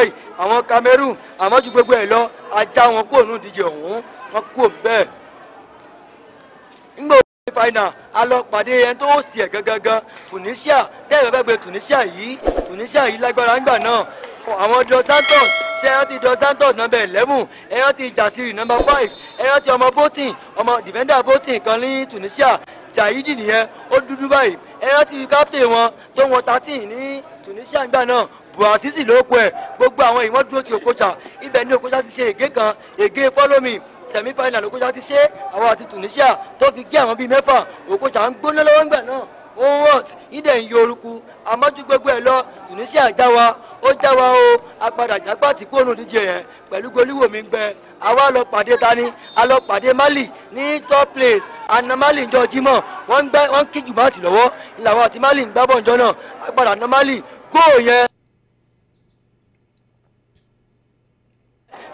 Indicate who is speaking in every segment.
Speaker 1: báyìí àwọn Cameroon àwọn ju gbogbo ẹ̀ lọ ajá wọn kúrò nù díje ọ̀hún wọn kúrò bẹ́ẹ̀. nígbà òwúrọ̀ final a lọ pàdé ẹni tó sì ẹ̀ gangan Tunisia tẹ́lẹ̀ bẹ́ẹ̀ gbé Tunisia yìí Tunisia yìí lágbára ńgbà náà àwọn Dos Santos ṣe ẹran ti Dos Santos number eleven ẹran ti Jasiri nọmba five ẹran ti ọmọ Botin ọmọ dìfẹ́ndà Botin kan ní Tunisia Jahidi nìyẹn ó dúdú báyìí ẹran ti captain wọn tó wọn thirteen ní Tunisia ńgbà náà buhasisi ló kó ẹ gbogbo àwọn èèyàn dúró ti Okocha ibẹ̀ ni Okocha ti ṣe ègé kan ègé fọlọmi sẹmi final Okocha ti ṣe àwọn àti Tunisia tó fi gé àwọn bíi mẹ́fà Okocha ń gbóná lọ́wọ́ ńgbà náà ó ń hot ìdẹ̀ ń yorùkú àmọ́jú gbogbo ẹ̀ lọ Tunisia já wa ó já wa o agbada jágbá tí kò nù díje yẹn pẹ̀lú goliwoo mi gbẹ àwa lọ pàdé tani a lọ pàdé Mali ní top place àna Mali njọ jimọ wọn gbẹ wọn kí jùmọ̀ àti lọ́wọ́ ìlàwọ̀ àti Mali ń gbábọ̀ njọ náà agbada àna Mali góò yẹn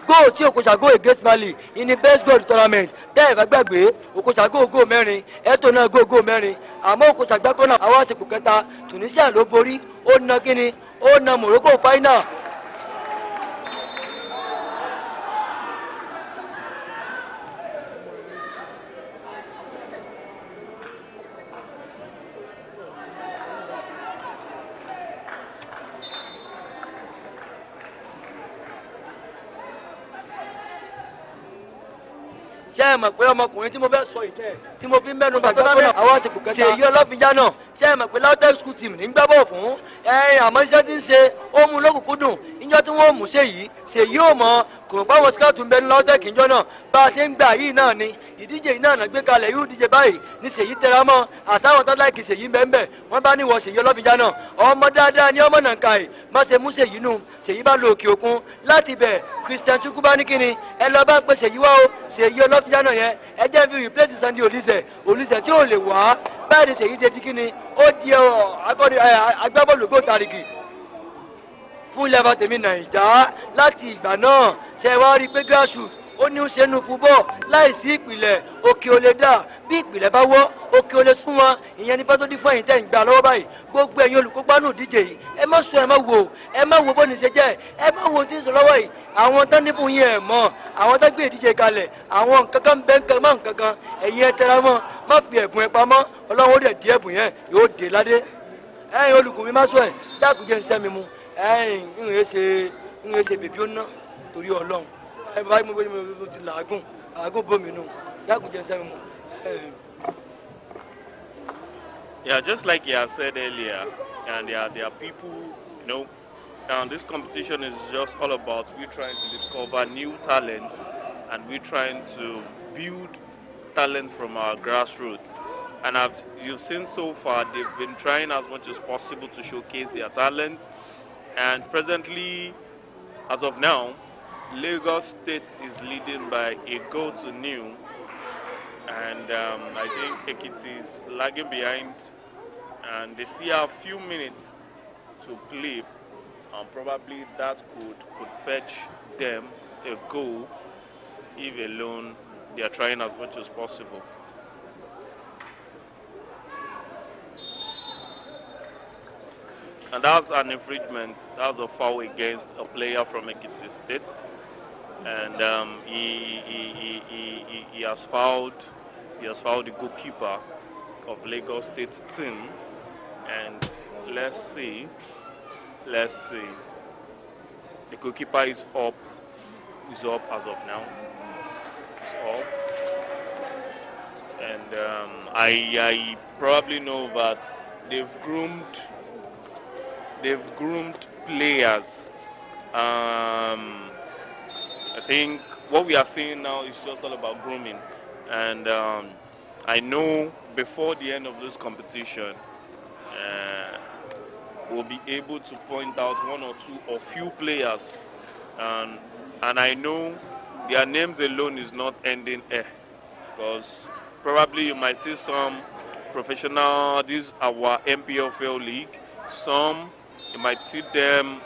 Speaker 1: goal tí Okochago against Mali in the best goal tournament tẹ́ ẹ̀ bá gbàgbé Okochago goal mẹ́rin ẹ̀tọ́ náà goal goal mẹ́rin àmọ́ Okochagbáko náà àwọn àsìkò kẹta Tunisia ló borí ó na kíni ó na Morocco final ṣé ẹ mọ̀ pé ọmọkùnrin tí mo fẹ́ sọ ìtẹ́ tí mo fi ń mẹ́nu bàtà fún àwọn àsìkò kẹta ṣèyí ọlọ́fíjà náà ṣé ẹ mọ̀ pé LAUTECH school team ní gbẹ́bọ̀ fún ẹ̀yìn àmọ́ iṣẹ́ tí ń ṣe ó mú lókùnkúndùn níjọ́ tí wọ́n mú ṣèyí ṣèyí ò mọ̀ kò bá wọn scout ń bẹ ní LAUTECH náà bá a ṣe ń gbà yìí náà ni ìdíje yìí náà gbé kalẹ̀ yóò díje báyìí ní ṣèyí tẹra mọ́ àsáwọn tó láìkì ṣèyí bẹ́ẹ̀ bẹ́ẹ̀ wọ́n bá níwọ̀ ṣèyí ọlọ́fíjà náà ọmọ dáadáa ní ọmọ nàǹkà yìí bá ṣe mú ṣèyí nù ṣèyí bá lọ òkè òkun láti bẹ̀ Christian Chukwu ní kíni ẹ lọ bá pé ṣèyí wá o ṣèyí ọlọ́fíjánà yẹn ẹ jẹ́ fi replace Sunday Olise Olise tí ò lè wá báyìí ṣèyí ṣe di kíni ó di agbábọ́ọ̀lù gbòtarìgì fún ilẹ̀ bàtẹ́mi Nàìjíríà láti ìgbà náà ṣe wá rí pé grassroots ó ní í ṣe nu fúbọ̀ láìsí ìpìlẹ̀ òkè ò lè dà bí ìpìlẹ̀ bá wọ́ òkè ò lè sún wọn ìyẹn ní fásitì fún ẹ̀yìn tẹ̀ ń gbà lọ́wọ́ báyìí gbogbo ẹ̀yin olùkópa nù díje yìí ẹ má sùn ẹ má wò ẹ má wò bó ní ṣe jẹ́ ẹ má wò tí ń sọ lọ́wọ́ yìí àwọn tán ní fún yín ẹ̀ mọ́ àwọn tán gbé ìdíje kalẹ̀ àwọn nǹkan kan bẹ́ẹ̀ nǹkan má nǹkan kan ẹ̀yin ẹ tẹra mọ́ má fi ẹ̀bùn ẹ pamọ́ ọlọ́run ó dẹ̀ di ẹ̀bùn yẹn yóò dé ládé ẹ̀yin olùkùn mi má sọ ẹ̀ dákùjẹ́ ń sẹ́mi mu ẹ̀yin ń ṣe bèbí ó ná torí ọlọ́run Yeah,
Speaker 2: just like you have said earlier, and there are, there are people, you know, and this competition is just all about we trying to discover new talent and we trying to build talent from our grassroots. And I've, you've seen so far, they've been trying as much as possible to showcase their talent. And presently, as of now, Lagos State is leading by a goal to nil, and um, I think Ekiti is lagging behind, and they still have a few minutes to play, and probably that could could fetch them a goal if alone they are trying as much as possible. And that's an infringement, that's a foul against a player from Ekiti State and um, he, he, he, he, he has fouled he has fouled the goalkeeper of Lagos State team and let's see let's see the goalkeeper is up is up as of now up and um, I, I probably know that they've groomed they've groomed players um, I think what we are seeing now is just all about grooming. And um, I know before the end of this competition, uh, we'll be able to point out one or two or few players. and I know their names alone is not ending eh, because probably you might see some professional, This is our MPFL league, some, you might see them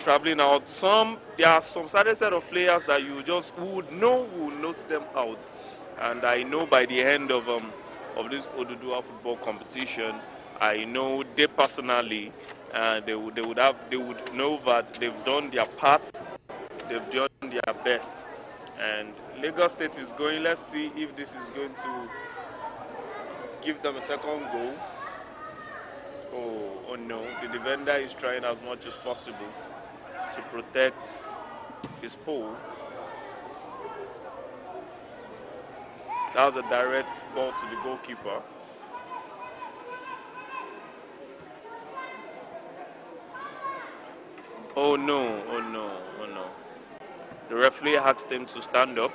Speaker 2: traveling out. Some there are some certain set of players that you just would know will note them out. And I know by the end of um, of this Odudua football competition, I know they personally uh, they would they would have they would know that they've done their part, they've done their best. And Lagos State is going. Let's see if this is going to give them a second goal. Oh, oh no, the defender is trying as much as possible to protect his pole. That was a direct ball to the goalkeeper. Oh no, oh no, oh no. The referee asked him to stand up.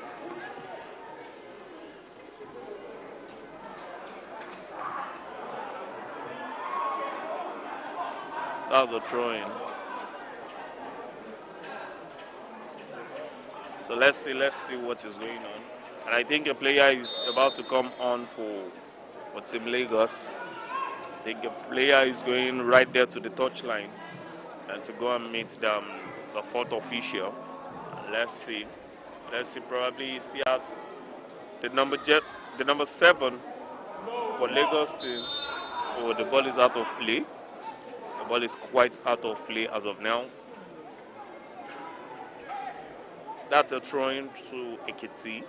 Speaker 2: That was a throw-in. So let's see, let's see what is going on. And I think a player is about to come on for, for Team Lagos. I think a player is going right there to the touchline and to go and meet the, um, the fourth official. And let's see. Let's see, probably he still has the number, jet, the number seven for Lagos team. Oh, the ball is out of play. The ball is quite out of play as of now. That's a throwing to Ekiti.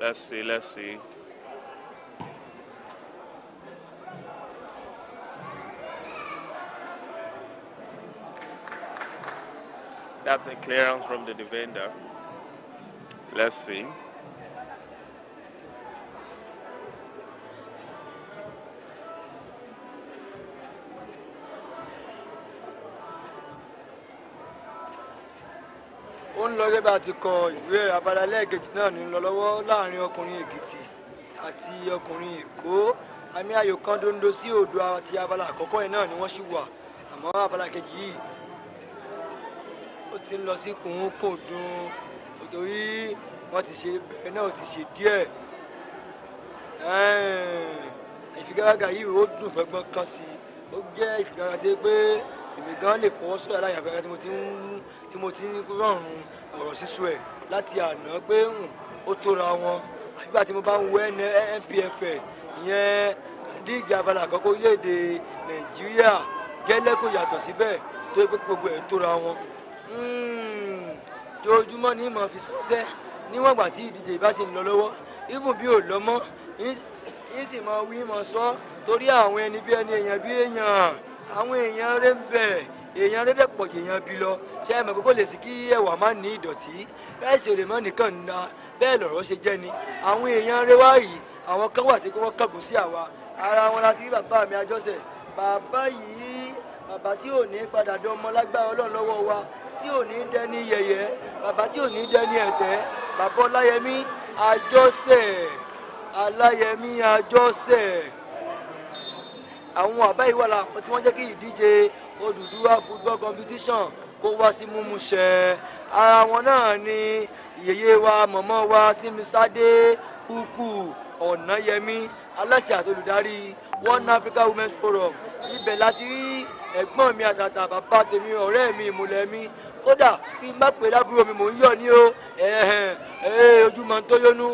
Speaker 2: Let's see, let's see. That's a clearance from the defender. Let's see.
Speaker 3: ó ń lọ gẹ́gẹ́
Speaker 1: bá ti kọ ìwé abala lẹ́ẹ̀kejì náà ní lọ lọ́wọ́ láàrin ọkùnrin èkìtì àti ọkùnrin èkó àmì ayò kan dondo sí odò àti abala àkọ́kọ́ yìí náà ni wọ́n ṣì wà àmọ́ abala kejì yìí ó ti ń lọ sí kùnkùndùn òtòrí wọ́n ti ṣe bẹ́ẹ̀ náà ti ṣe díẹ̀ ìfigagbága yìí ó dùn gbọ́ngbọ́n kan sí i ó jẹ́ ìfigagbága tó pé èmi gan lè fọwọ́ sọ̀rọ̀ aláyàfẹ́ kan tí mo ti ń rọrùn ọ̀rọ̀ sísú ẹ̀ láti àná pé ó tóra wọn nígbà tí mo bá ń wo NPFL ìyẹn líìgì abala àkọ́kọ́ orílẹ̀-èdè Nàìjíríà gẹ́lẹ́ kò yàtọ̀ síbẹ̀ tó yẹ pé gbogbo ẹ̀ tóra wọn hmm, ojoojúmọ́ ní ìmọ̀ fi sọ́sẹ́ níwọ̀n ìgbà tí ìdíje ìbá sì ń lọ lọ́wọ́ ibùn bí ò lọ́mọ́ yín sì mọ wí mọ sọ torí àwọn ẹni bí ẹni èèyàn bí èèyàn àwọn èèyàn rẹ ń bẹ èèyàn rẹ dẹpọ èèyàn bí lọ ṣe é mọ pé kò lè sí kí ẹwà má ní ìdọ̀tí bẹ́ẹ̀ sì lè mọ nìkan nà bẹ́ẹ̀ lọ̀rọ̀ ṣe jẹ́ ni àwọn èèyàn rẹ wá yìí àwọn kan wà tí wọ́n kàgùn sí àwa ara wọn láti rí bàbá mi àjọṣe bàbá yìí bàbá tí ò ní padà dán ọmọ lágbára Ọlọ́run lọ́wọ́ wa tí ò ní dẹni yẹ̀yẹ́ bàbá tí ò ní dẹni ẹ̀tẹ́ bàbá Ọláyẹmí àjọṣe Aláyẹmí àjọṣe àwọn àbá yìí wà láàpọ̀ tí wọ́n jẹ́ kí ìdíje Odùduwà football competition kó wá sí múmú ṣẹ ara wọn náà ni yèyé wa mọ̀mọ́ wa símisádé kúkú ọ̀nàyẹmí aláṣẹ àtolùdarí one africa women's forum ibẹ̀ láti rí ẹ̀gbọ́n mi àtàtà bàbá tèmi ọ̀rẹ́ mi ìmùlẹ̀ mi kódà kí n má pè lábúrò mi mò ń yọ̀ ní o ojúmọ̀ tó yónú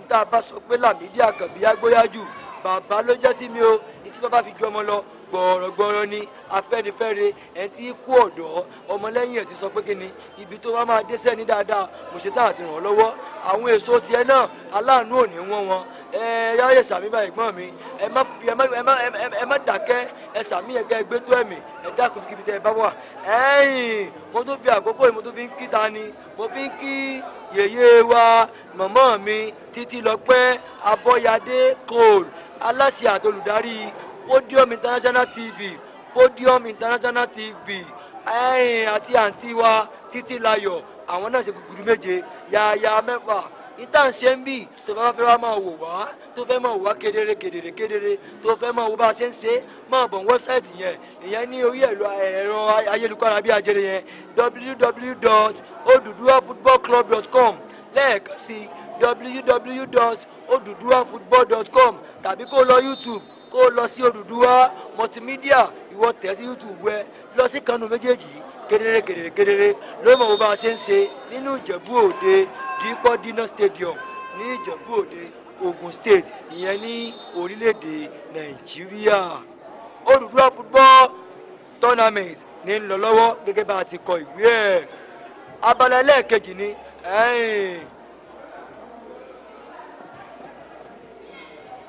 Speaker 1: n tá a bá sọ pé Lámídì Àkànbí agbóyájú bàbá ló jẹ́ sí mi o ìtí bàbá fi ju ọmọ lọ gbọ̀rọ̀gbọ̀rọ̀ ni afẹ́nifẹ́re ẹ̀ tí kú ọ̀dọ́ ọmọlẹ́yìn ẹ̀ ti sọ pé kí ni ibi tó wá máa dé sẹ́ni dáadáa mùsítà àti ràn lọ́wọ́ àwọn èso tiẹ̀ náà aláàánú ò ní wọ́n wọn ẹ yáyẹ sàmì bá ẹ̀gbọ́n mi ẹ má fi ẹ má ẹ má ẹ má dàkẹ́ ẹ sàmì ẹ̀gá ẹgbẹ́ tó ẹ̀mí ẹ dákun kíbi tẹ́ ẹ bá wà ẹ̀yìn mo tún fi àkókò yìí mo tún fi ń kí ta ni mo fi ń kí yèyé wa mọ̀mọ́ mi títí lọ pẹ́ abọ́yadé kòòlù aláṣẹ àtolùdarí podium international tv podium international tv ẹ̀yìn àti àǹtí wa títí láyọ̀ àwọn náà ṣe gúgúrú méje yàyà mẹ́fà ìtàn ṣe ń bì tó bá fẹ́ wá máa wò wá tó fẹ́ máa wò wá kedere kedere kedere tó fẹ́ máa wò bá a ṣe ń ṣe máa bọ̀ wẹ́bsáìtì yẹn ìyẹn ní orí ẹ̀rọ ayélujára bí ajere yẹn www.oduduwafootballclub.com lẹ́ẹ̀kan sí www.oduduwafootball.com tàbí kó lọ youtube kó lọ sí Odùduwà multimedia ìwọ tẹ̀ sí youtube ẹ lọ sí kanu méjèèjì kedere kedere kedere ló mọ̀ bó bá a ṣe ń ṣe nínú ìjẹ̀bú òde dípọ̀ dínà stadium ní ìjẹ̀bú òde Ògùn state ìyẹn ní orílẹ̀-èdè nàìjíríà Odùduwà football tournament ní ń lọ lọ́wọ́ gẹ́gẹ́ bá a ti kọ ìwé ẹ̀ abala ẹlẹ́ẹ̀kejì ni ẹ̀yìn.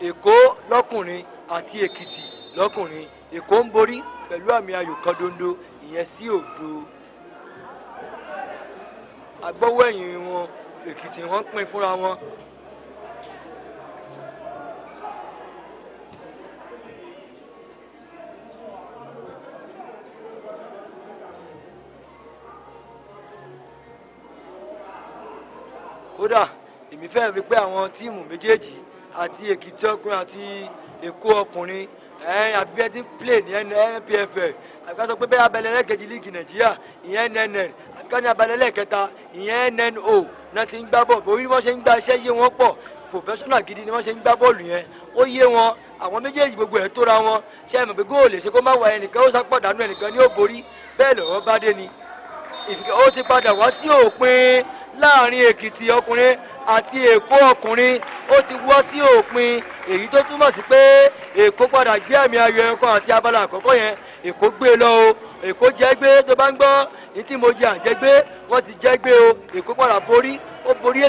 Speaker 1: èkó lọ́kùnrin àti èkìtì lọ́kùnrin èkó ń borí pẹ̀lú àmì ayò kan dondo ìyẹn sí òdo agbọ́wọ́ ẹ̀yìn wọn èkìtì wọn pín fúnra wọn kódà èmi fẹ́ rí pé àwọn tíìmù méjèèjì àti èkìtì ọkùnrin àti èkó ọkùnrin àbí ẹ ti ń play ní NPFL àbí ká sọ pé bẹ́ẹ̀ abẹ́lẹ́ ẹlẹ́kejì líìgì nàìjíríà ìyẹn NNL àbí ká ní abẹ́lẹ́ ẹlẹ́kẹta ìyẹn NNO náà ti ń gbá bọ̀ bóyá wọ́n ṣe ń gba iṣẹ́ yé wọn pọ̀ professional gidi ni wọ́n ṣe ń gbá bọ́ọ̀lù yẹn ó yé wọn àwọn méjèèjì gbogbo ẹ̀ tóra wọn ṣe é mọ̀ pé góòlù ṣe kó má wà ẹnìkan ó sápọ̀ dànù ẹnìkan ní ó borí bẹ́ẹ̀ lọ́wọ́ bá dé ni ó ti padà wá sí òpin láàrin èkìtì ọkùnrin àti èkó ọkùnrin ó ti wọ́ sí òpin èyí tó túmọ̀ sí pé èkó padà gbé àmì ayò ẹranko àti abala àkọ́kọ́ yẹn èkó gbé lọ o èkó jẹ́ gbé tó bá ń gbọ́ ní tí mo jẹ o èkó padà borí ó borí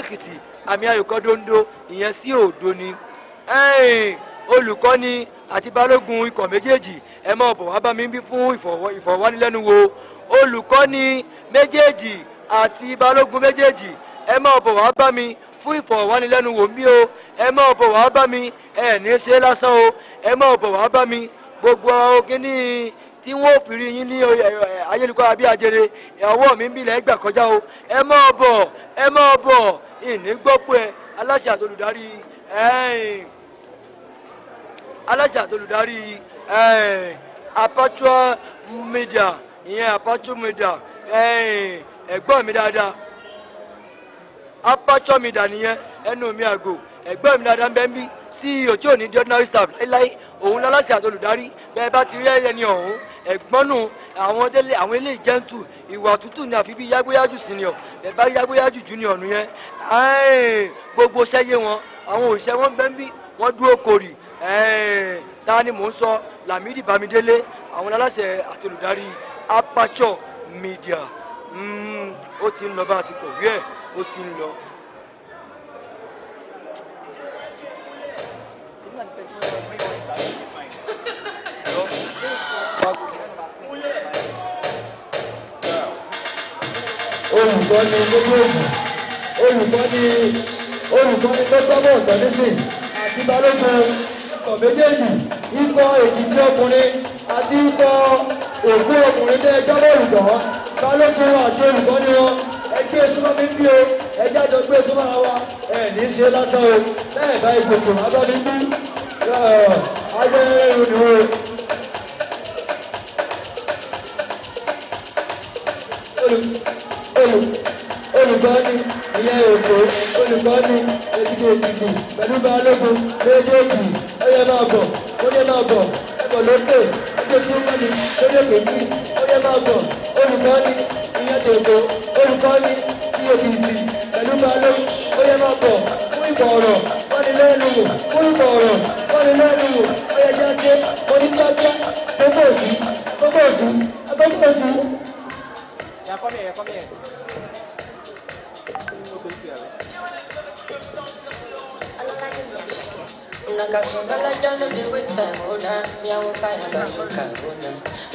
Speaker 1: àmì ayò kan dondo ìyẹn sí òdo ni olùkọ́ni àti balógun ikọ̀ méjèèjì ẹ máa bọ̀ wá bá mi bí fún ìfọ̀wánilẹ́nuwò olùkọ́ni méjèèjì àti balógun méjèèjì ẹ máa bọ̀ bá mi fún ìfọ̀rọ̀wánilẹ́nuwò mi o ẹ máa bọ̀ bá mi ẹ ní ṣe lásán o ẹ máa bọ̀ bá mi gbogbo kíní tí wọ́n fi rí yín ní ayélujára mi ń ilẹ̀ gbà kọjá o ẹ ẹ Media ìyẹn Media mi dáadáa. apáṣọ mi dà mi ago, ẹgbẹ́ mi dáadáa bẹ́ẹ̀ bí ceo tí ò ní di ordinary staff láéláé òun lọ́lọ́sẹ̀ àti olùdarí bẹ́ẹ̀ bá ti rí ẹni ọ̀hún ẹ̀gbọ́n nù àwọn délé àwọn ilé ìjẹ́ntù ìwà tútù ni àfi bí yágbéyájú senior bẹ́ẹ̀ bá yágbéyájú junior nù yẹn gbogbo sẹ́yẹ wọn àwọn òṣìṣẹ́ wọn bẹ́ẹ̀ bí wọ́n dúró kòrì ta ni mò ń sọ Lamidi Bamidele àwọn lọ́lọ́sẹ̀ àti olùdarí apature media ó hmm, ti ń lọ bá a ti kọ̀wé ẹ̀ ó ti ń lọ.
Speaker 3: olùkọ́ ni méjèèjì olùkọ́ ni olùkọ́ ni lọ́sọ́gbọ̀n ọ̀tọ́nísìn
Speaker 1: àti balógun ikọ̀ méjèèjì ikọ̀ èkìtì ọkùnrin àti ikọ̀ òkú ọkùnrin tẹ́ ẹjọ́ bọ́ọ̀lù gbọ́ balógun àti olùkọ́ ni wọn ẹ gbé e súnmọ́ mi bí o ẹ jáde gbé e súnmọ́ wa ẹ ní í ṣe lásán o bẹ́ẹ̀ bá ìkòkò
Speaker 3: abẹ́mi bí agbẹ́rẹ́ ìrù nìwọ̀n. olùkọ́ni ìyẹn èkó olùkọ́ni ètùtù òkìkì pẹ̀lú balógun
Speaker 1: méjèèjì ẹyẹ máa bọ̀ ọyẹ máa bọ̀ ẹbọ̀ lókè ẹjọ́ e súnmọ́ni lórí èkó yìí ọyẹ máa bọ̀ olùkọ́ni ayédèdè olùkọ́ni ti èbìtì pẹ̀lú balógun ó yẹ máa bọ̀ fún ìbọ̀ ọ̀rọ̀ wọ́n ní lẹ́nu wò
Speaker 3: fún ìbọ̀ ọ̀rọ̀ wọ́n ní lẹ́nu wò ó yẹ jáde onítọ́jẹ́ gbogbo òsì gbogbo òsì gbogbo òsì. Yeah, come here, come here.
Speaker 1: Nakasungala jana be with them, oh, now, yeah, we'll find a bazooka, oh, now.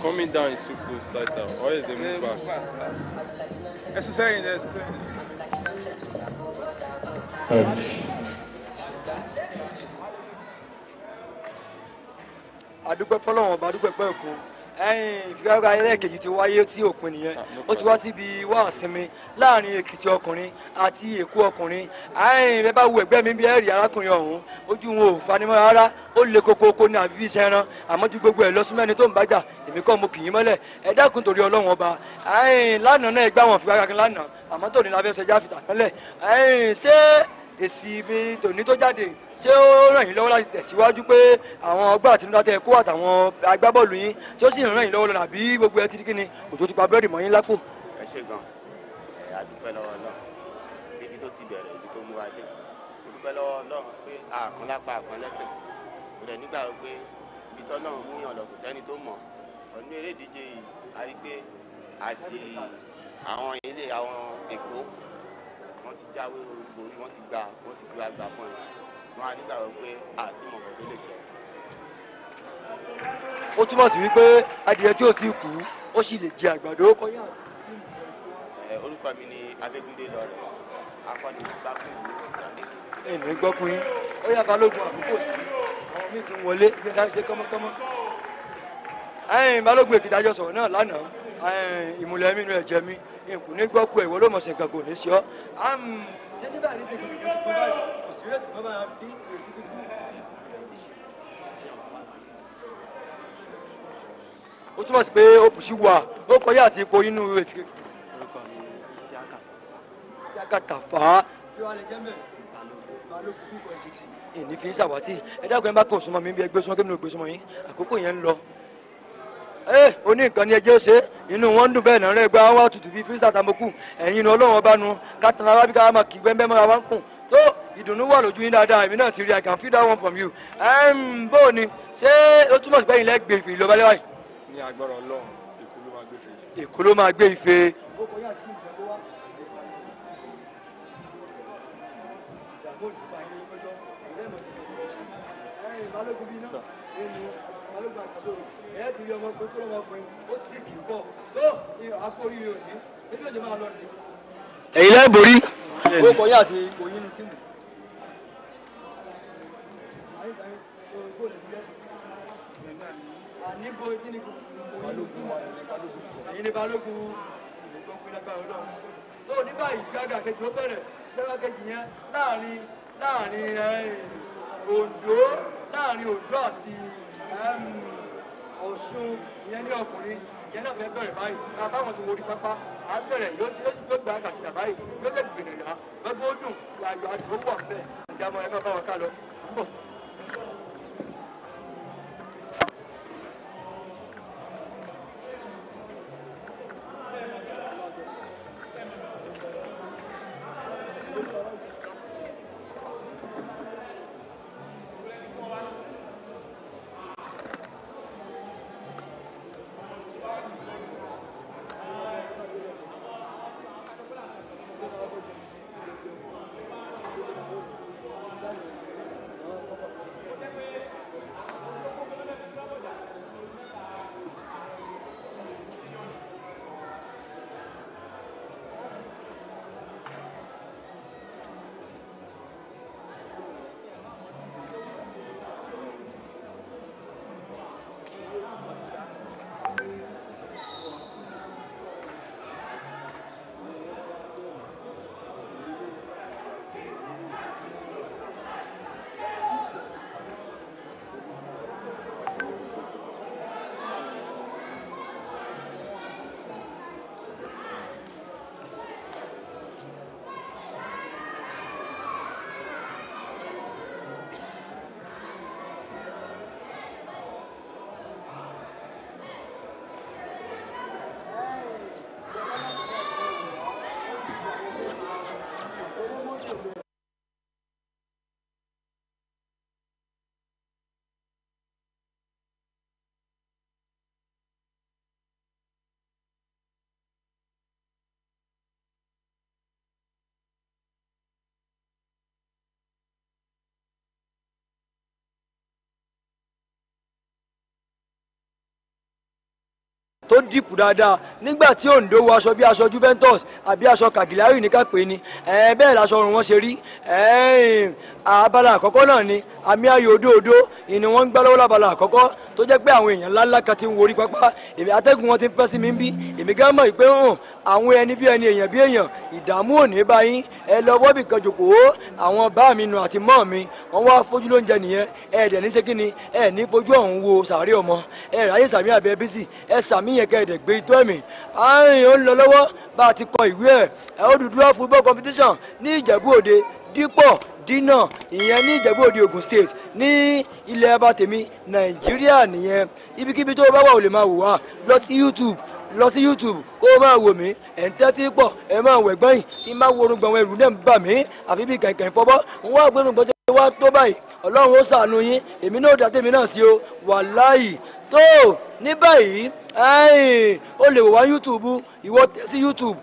Speaker 2: Coming down is too close, tight down. Always they move eh, back. Exercise, exercise.
Speaker 1: Adúpẹ́ fọlọ́wọ́n ọba adúpẹ́ pẹ́ ẹ̀kọ́ ìfigagbága ẹlẹ́ẹ̀kejì ti wáyé tí òpin nìyẹn ah, ó ti wá síbi wá àsinmi láàrin èkìtì ọkùnrin àti èkó ọkùnrin àárín rẹ bá wo ẹgbẹ́ mi bí ẹ̀rì arákùnrin ọ̀hún ojú wọn ò fanimọ́ rárá ó le kókókó ní àbí iṣẹ́ ẹran àmọ́ ju gbogbo ẹ̀ lọ súnmọ́ tó ń bá èmi kọ́ mo kì í mọ́lẹ̀ ẹ dákun torí ọlọ́run ọba àárín lánàá náà ẹgbẹ́ àwọn ìfigagbága lánàá àmọ́ tòní la ṣé ó ràn yín lọ́wọ́ láti tẹ̀síwájú pé àwọn ọgbà àtinúdá tẹ kó àtàwọn agbábọ́ọ̀lù yín ṣé ó sì ràn yín lọ́wọ́ lọ́nà àbí gbogbo ẹ ti kí ni òjò ti pa búrẹ́dì mọ́ yín lápò.
Speaker 2: ẹ ṣe gan ẹ àdúpẹ́ lọ́wọ́ náà débi tó ti bẹ̀rẹ̀ ibi tó mú wa dé àdúpẹ́ lọ́wọ́ náà pé àkàn lápá àkàn lẹ́sẹ̀ kò dẹ̀ nígbà pé ibi tó náà mú yàn lọ sẹ́ni tó mọ̀ ọ̀nà eré yìí a rí pé àti àwọn ilé ṣùgbọ́n adígbàgbọ́ pé àti mọ̀gbọ́n tó lè ṣe. ó túmọ̀ sí wípé
Speaker 1: adìyẹ tí ò tí kú ó sì lè jẹ àgbàdo kọ́yà.
Speaker 2: orúkọ mi ni adégúndé lọrẹ akọni gbàgbé ìlú ìdálẹ́kì.
Speaker 1: èmi gbọ́kùn yín
Speaker 2: ó yá balógun àkókò sí àwọn
Speaker 1: míì ti ń wọlé ní sáré ṣe kánmọ́kánmọ́. balógun èkìtì àjọ sọ̀rọ̀ náà lánàá ìmùlẹ̀ mi nu ẹ̀jẹ̀ mi ìkùnú gbọ́kùn ẹ̀wọ́ ló mọ̀ ṣẹ̀gàgò ní ṣọ́ ṣé nígbà ní sèkò kò ti kọ́ báyìí kò sí rẹ́ẹ̀tì bọ́ máa bí
Speaker 3: ìrètí ti kú.
Speaker 1: ó túmọ̀ sí pé ó kù sí wà ó kọjá àti ipò inú ìrètí.
Speaker 3: orúkọ mi ni Isiaka.
Speaker 1: Isiaka Tafa. kí wàá lè jẹ́ mẹ́rin. balógun fún ìkọ̀ èkìtì. ìní fi ń ṣàwátì ẹ dákun ẹ bá kàn súnmọ́ mi bí ẹ gbé súnmọ́ kí mi ò gbé súnmọ́ yín àkókò yẹn ń lọ ẹ eh, oní nǹkan ni ẹjẹ́ ó ṣe inú wọn ń dùn bẹ́ẹ̀ náà rẹ̀ gba wá tutù bíi fírísà tàmókù ẹ̀yin inú ọlọ́run ọba nu kátàlá wá bí ká máa kí gbẹ́ngbẹ́ máa wá ń kùn tó ìdùnnú wà lójú yín dáadáa èmi náà ti rí i can feel that one from you bó o ni ṣé ó túmọ̀ sí pé ilẹ̀ gbé ìfè ìlọbalẹ̀ báyìí. ní agbára ọlọ́run èkó ló máa gbé ìfè. èkó ló máa gbé ìfè. orí ọmọkùnrin tó lọ́mọkùnrin ó tì kì í bọ̀ tó àpò orí rẹ̀ òní nínú ìjọba máa lọ rèé.
Speaker 3: ẹ̀yin lẹ́ẹ̀ borí. ó kọ́ àti
Speaker 1: òyìn ní tìǹbù. àníbo kí ni balógun ẹ̀yin balógun ìgbòho lágbára ọlọ́run tó ní báyìí gágà kejì ó bẹ̀rẹ̀ lọ́wọ́ kejì yẹn láàrin láàrin Oǹdó láàrin Oǹdó àti ọ̀ṣun ìyẹn ní ọkùnrin ìyẹn náà fẹ́ bẹ̀rẹ̀ báyìí àbáwọn ti wọlé pápá à ń bẹ̀rẹ̀ yóò gba àkàtìyà báyìí yóò lè gbìyànjú lọ́gbọ́n ó dùn àyọ̀ àdúgbò wà fẹ́ ìjàmọ̀ ẹ̀ bá bá wọn ká tó dìpù dáadáa nígbà tí Ondo wọ aṣọ bí aṣọ Juventus àbí aṣọ Cagliari ní kápẹ́ ni bẹ́ẹ̀ laṣọ ọrùn wọn ṣe rí abala àkọ́kọ́ náà ni àmì ayò òdòdó ìní wọn ń gbá lọ́wọ́ lábala àkọ́kọ́ tó jẹ́ pé àwọn èèyàn ńláńlá kan ti ń worí pápá èmi atẹ́gùn wọn ti ń fẹ́ sí mi ń bí èmi gán mọ̀ pé hàn àwọn ẹni bí ẹni èèyàn bí èèyàn ìdààmú ò ní bá ẹ lọ wọ́bì kan jòkòó àwọn bá mi nù àti mọ́ mi wọ́n wá fojú lóúnjẹ nìyẹn ẹ ní ṣe kí ni ẹ ní fojú ọ̀hún wo sàárè ọmọ ẹ ráyè sàmì sàmì yẹn kẹ́ẹ̀dẹ̀ gbé itọ́ mi àárín ó ń lọ lọ́wọ́ bá a ti kọ ìwé ẹ̀ Odùduwà football competition ní Ìjẹ̀bú Òde dípọ̀ dínà ìyẹn ní Ìjẹ̀bú Òde Ògùn state ní ilẹ̀ ẹba tèmi Nàìjíríà nìyẹn ibikíbi tó o bá wà o lè máa wò wá lọ sí YouTube lọ sí youtube kó o máa wò mí ẹ̀ ń tẹ́tí pọ̀ ẹ̀ máa wẹ̀ gbọ́yìn kí máa wo orun gbọ̀nwẹ̀rù náà bà mí àfi bí kẹ̀kẹ́ fọ́bọ́ n wá gbẹ́rù gbọ́n tó wá tó báyìí ọlọ́run ó ṣàánú yín èmi náà dá tèmi náà sí o wàláyì tó ní báyìí ó lè wò wá YouTube ìwọ sí YouTube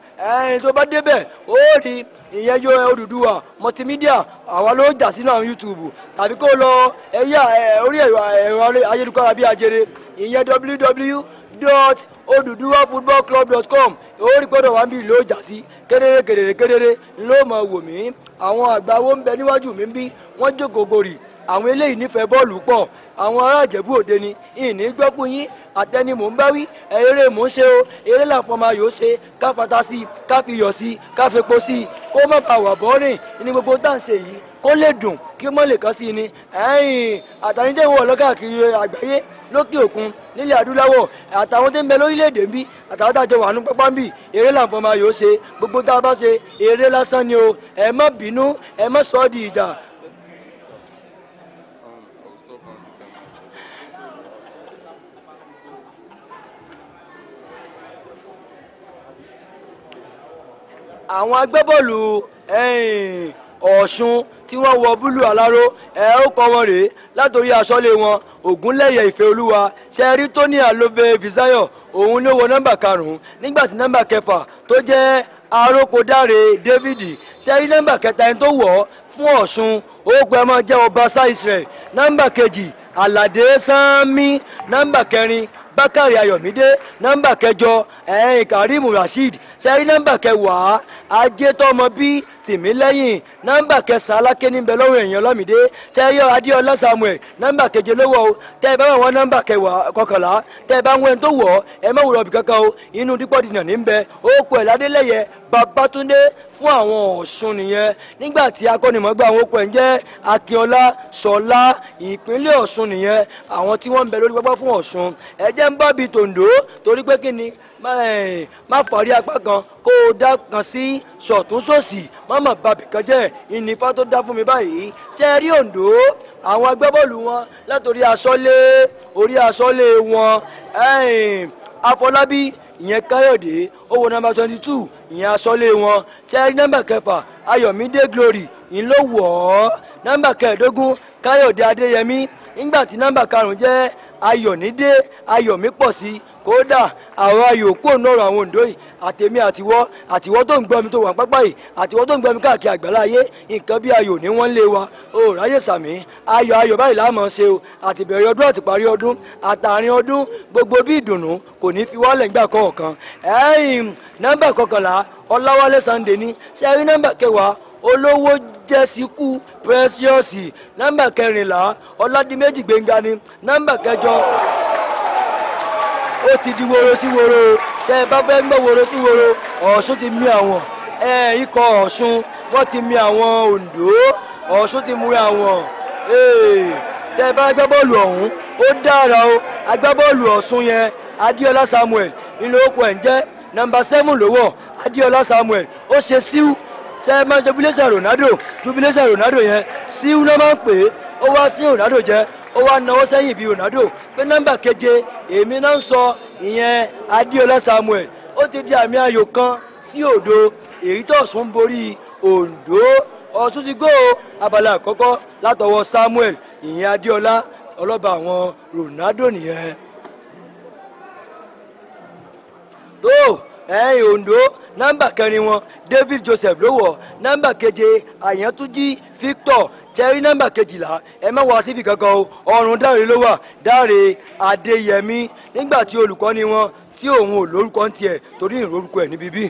Speaker 1: tó bá débẹ̀ ó rí ìyẹn yóò Odùduwà multimedia àwa ló jà sínú àwọn YouTube tàbí kó lọ ẹ̀yà orí ẹ̀rọ ayélujára bíi ajere ìyẹn www dot oduduwa football club dot com orí gbọ́dọ̀ wá bí ló jà sí kedere kedere kedere ló mọ̀ wò mí àwọn àgbà wo ń bẹ níwájú mi ń bí wọ́n jókòó gorì àwọn eléyìí nífẹ̀ẹ́ bọ́ọ̀lù pọ̀ àwọn ará ìjẹ̀bú òde ni ìní gbọ́kùn yín àtẹni mò ń bá wí eré mò ń ṣe o eré làǹfọ̀n máa yòó ṣe ká fata sí i ká fi yọ̀ sí i ká fi po sí i kó má bàa wà bọ́ rìn ní gbogbo tá à ń ṣe yìí kó lè dùn kí mọ́ lè kàn sí i ni ẹ̀yìn àtànídéwò ọlọ́kàkiri àgbáyé lókè òkun nílẹ̀ adúláwọ̀ àtàwọn tó ń bẹ lórílẹ̀‐èdè ń bí àtàwọn tá a jọ wà ní pápá ń bì eré làǹfọ̀n máa yòó ṣe gbogbo tá a bá ṣe eré lásán ni o ẹ má bínú ẹ má sọ di ìjà àwọn agbábọ́ọ̀lù ọ̀ṣun tí wọ́n wọ búlù aláró ẹ ó kọ́ wọn rèé látòrí aṣọ́lé wọn ògúnlẹ̀yẹ ìfẹ́olúwa ṣẹ́rí tóní àlóbe fisayo òun ló wọ nọ́mbà karùn-ún nígbà tí nọ́mbà kẹfà tó jẹ́ arókòdáre david ṣẹ́rí nọ́mbà kẹta ẹni tó wọ̀ fún ọ̀ṣun ó gbẹ mọ́ jẹ́ ọbaṣá israel nọ́mbà kejì aládé sanmi nọ́mbà kẹrin bákàrẹ̀ ayọ̀mídé nọ́mbà kẹjọ ẹ̀ẹ́n karim rasheed sẹ́rí nọ́mbà kẹwàá ajétọ́mọ bíi tìmílẹ́yìn nọ́mbà kẹsàn-án aláké níbẹ̀ lọ́wọ́ èèyàn lọ́mìdé tẹ́yẹ adéọlá samuel nọ́mbà keje lówó o tẹ́ ẹ bá wọn nọ́mbà kẹwàá kọkànlá tẹ́ ẹ bá wọn tó wọ̀ ẹ mọ̀ wúrọ̀ bì kankan o inú dípọ̀ dìnà níbẹ̀ ó kọ ẹ̀ ládélẹ́yẹ babatunde fún àwọn Ọ̀ṣun nìyẹn nígbà tí akọ́nimọ̀gbà àwọn okùn ẹ̀ ń jẹ́ Akínọlá Ṣọlá ìpínlẹ̀ Ọ̀ṣun nìyẹn àwọn tí wọ́n ń bẹ lórí pápá fún Ọ̀ṣun ẹ jẹ́ ń bá bíi tòǹdó torí pé kí ni má fàárí apá kan kó o dá kan sí ṣọ̀túnṣòsì má mà bàbí kan jẹ́ ìnífá tó dá fún mi báyìí ṣe rí òǹdó àwọn agbábọ́ọ̀lù wọn látòrí asọ́lé orí asọ́lé wọn Afọlábí ìyẹn káyọ̀dé ó wo nọmba twenty two ìyẹn asọ́lé wọn ṣẹ́ẹ́rí nọmba kẹfà ayọ̀mídé glory ń ló wọ̀ ọ́ nọmba kẹẹ̀ẹ́dógún káyọ̀dé adéyẹmí ńgbà tí nọmba karùn-ún jẹ́ ayọ̀nídé ayọ̀mípọ̀sí kódà àwọn yòókù nọ̀rọ̀ àwọn òǹdó yìí àtèmi àtiwọ́ àtiwọ́ tó ń gbọ́ mi tó wà pápá yìí àtiwọ́ tó ń gbọ́ mi káàkiri àgbàlá ayé nǹkan bí ayò ní wọ́n lé wa o ráyè sàmì ayọ̀ ayọ̀ báyìí láàmú ṣe o àtìbẹ̀rẹ̀ ọdún àtìparí ọdún àtàrin ọdún gbogbo bí ìdùnnú kò ní fi wálẹ̀ nígbà kọ̀ọ̀kan ẹ̀yìn nọ́mbà kọkànlá ọláwálé sunday ní sẹ́rí nọ́mbà kẹwàá olówó jẹ́síkú precious nọ́mbà kẹrìnlá ọládìméjì gbẹ̀ngà ní nọ́mbà kẹjọ ó ti di woro sí woro tẹ́ ẹ bá fẹ́ gbọ́ woro sí woro ọ̀ṣun ti mi àwọn ikọ̀ ọ̀ṣun wọ́n ti mi àwọn oǹdó ọ̀ṣun ti mu àwọn tẹ́ ẹ bá agbábọ́ọ̀lù ọ̀hún ó dára o agbábọ́ọ̀lù ọ̀ṣun yẹn adéọlá samuel nínú oko ẹ̀ ń jẹ́ nọ́mbà seven ló wọ̀ adéọlá samuel ó ṣe síw tẹ́ ẹ máa ń ṣe jubilation ronaldo jubilation ronaldo yẹn síw náà máa ń pè é ó wá sí ronaldo jẹ́ ó wá náwó sẹ́yìn bíi Ronaldo pé nọ́mbà keje èmi náà ń sọ ìyẹn Adéọlá Samuel ó ti di àmì ayò kan sí òdo èyí tó sùn borí Ondo ọtún ti gó abala àkọ́kọ́ látọwọ́ Samuel ìyẹn Adiola ọlọ́ba àwọn Ronaldo nìyẹn. tó ẹ̀yìn Ondo nọ́mbà kẹrin wọn David Joseph ló wọ̀ nọ́mbà keje Àyàntúnjí Victor tẹ́rí nọ́mbà kejìlá ẹ má wá síbi kankan o ọrùn dáre ló wà dáre adéyẹmí nígbà tí olùkọ́ni wọn tí òun ò lórúkọ ń tiẹ̀ torí ìrorúkọ ẹ̀ níbí bíi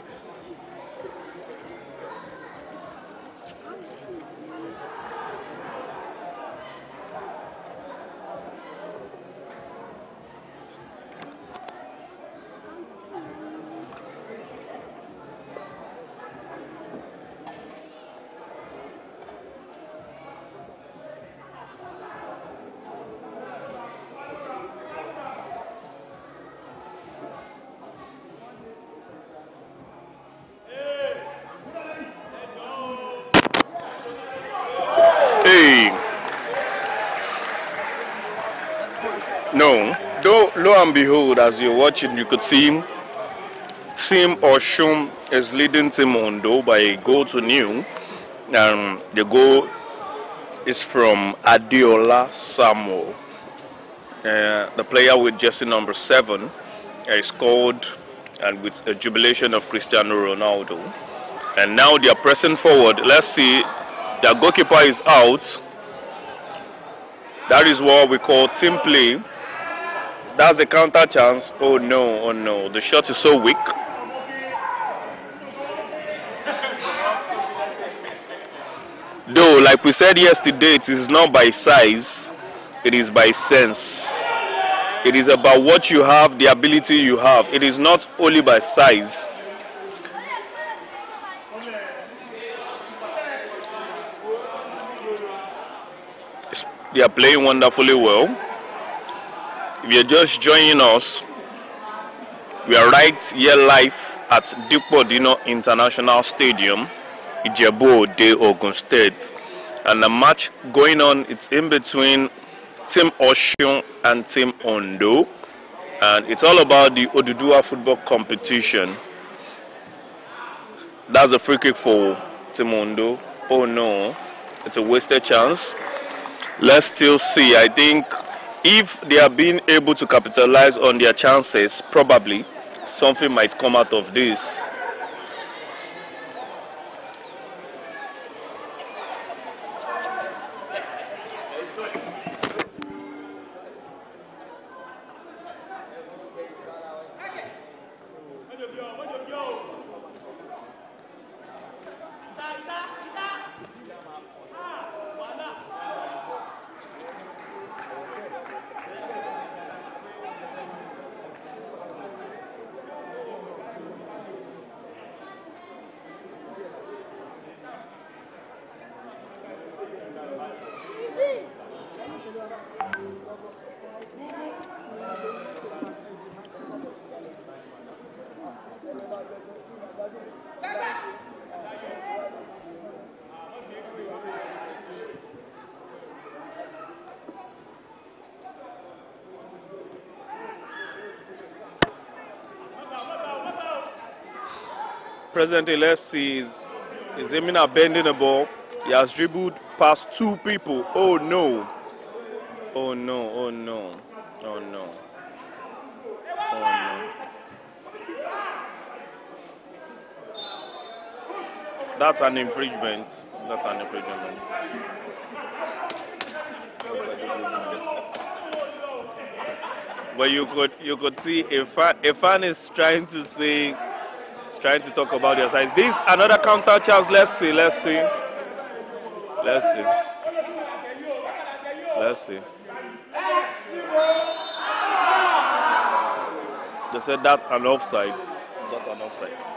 Speaker 2: and behold, as you're watching, you could see him. Team Oshun is leading Team Ondo by a goal to nil. And um, the goal is from Adiola Samuel. Uh, the player with jersey number 7 uh, scored and with a jubilation of Cristiano Ronaldo. And now they are pressing forward. Let's see, their goalkeeper is out. That is what we call team play. That's a counter chance. Oh no, oh no. The shot is so weak. Though, like we said yesterday, it is not by size, it is by sense. It is about what you have, the ability you have. It is not only by size. they are playing wonderfully well. If you're just joining us, we are right here live at Dipodino International Stadium, Ijebu Ode, Ogun State. And the match going on, it's in between Team Oshun and Team Ondo. And it's all about the Odudua football competition. That's a free kick for Team Ondo. Oh no, it's a wasted chance. Let's still see. I think if they are being able to capitalize on their chances, probably something might come out of this. President-elect is is aiming at bending the ball. He has dribbled past two people. Oh no. Oh no, oh no, oh no. Oh no. That's an infringement. That's an infringement. But you could you could see a fan a fan is trying to say trying to talk about their size. This another counter chance. Let's see. Let's see. Let's see. Let's see. They said that's an offside. That's an offside.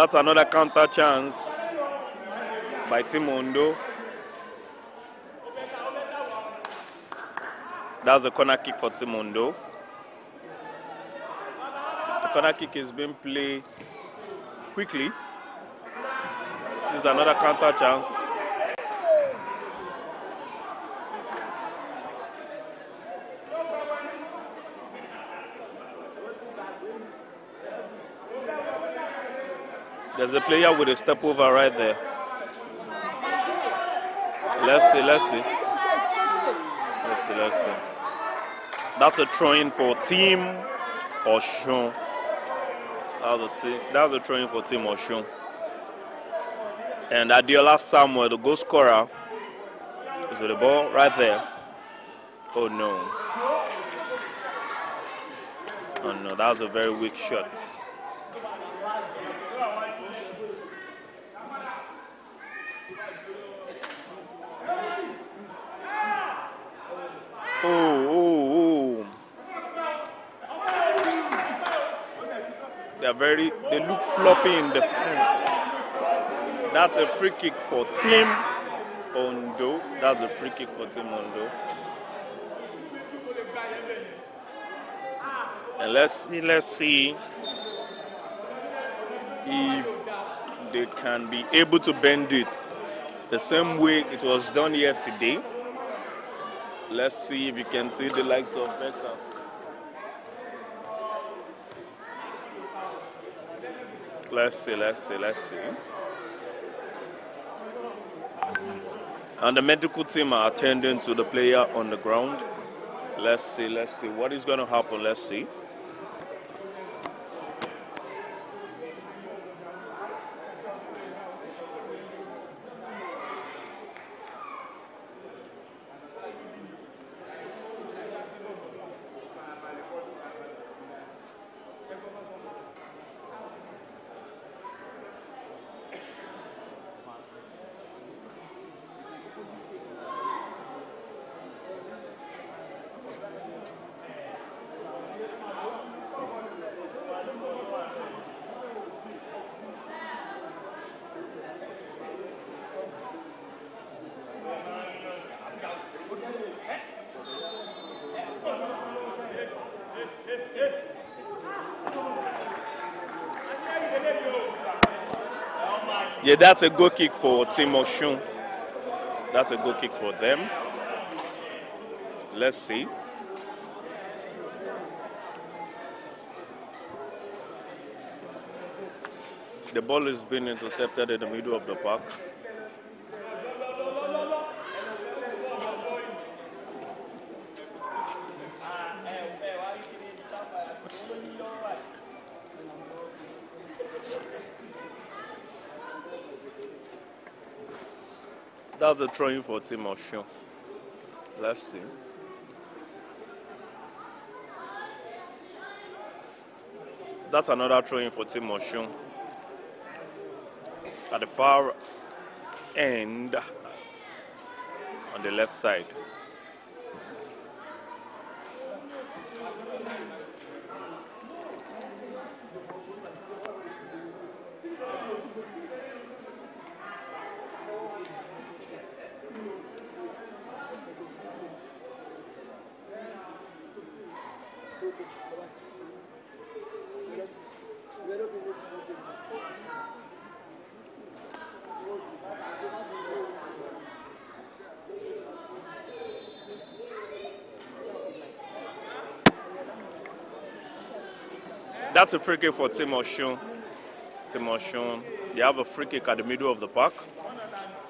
Speaker 2: That's another counter chance by Timondo. That's a corner kick for Timondo. The corner kick is being played quickly. This is another counter chance. There's a player with a step over right there. Let's see, let's see. Let's see, let's see. That's a throwing for Team Oshun. That's a, that's a throwing for Team Oshun. And Adiola Samuel, the goal scorer, is with the ball right there. Oh no. Oh no, that was a very weak shot. in the That's a free kick for Team Ondo. That's a free kick for Team Ondo. And let's see, let's see if they can be able to bend it the same way it was done yesterday. Let's see if you can see the likes of Beckham. Let's see, let's see, let's see. And the medical team are attending to the player on the ground. Let's see, let's see. What is going to happen? Let's see. Yeah, that's a good kick for Team Oshun. That's a good kick for them. Let's see. The ball is being intercepted in the middle of the park. That's a throwing for Team Oshun. Let's see. That's another throwing for Team Oshun. At the far end on the left side. That's a free kick for Team Oshun. you Oshun. They have a free kick at the middle of the park.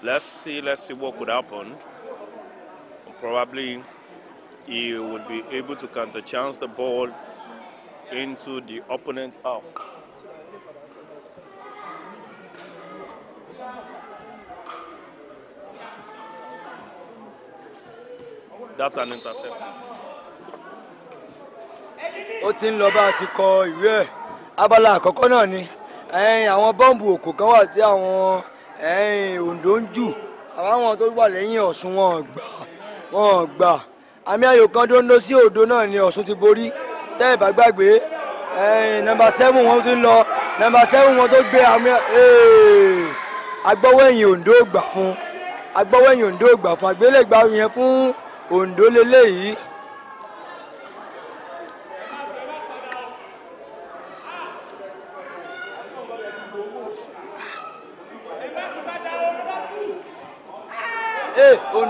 Speaker 2: Let's see, let's see what could happen. Probably he would be able to counter chance the ball into the opponent's half. That's an interception.
Speaker 1: ó ti ń lọ bá a ti kọ ìwé ẹ̀ abala àkọ́kọ́ náà ni àwọn bọ́ǹbù òkò kan wà tí àwọn Ondo ń jù àwọn tó wà lẹ́yìn Ọ̀ṣun wọn gbà wọn gbà àmì ayò kan tó ń lọ sí Ondo náà ni Ọ̀ṣun ti borí tẹ́ ẹ̀ bá gbàgbé nọ́mbà sẹ́wọ̀n wọn ti ń lọ nọ́mbà sẹ́wọ̀n wọn tó gbé àmì agbọ́wọ́ ẹ̀yìn Ondo gbà fún agbọ́wọ́ ẹ̀yìn Ondo gbà fún àgbélẹ̀gbà yẹn fún Ondo lélẹ́yìí.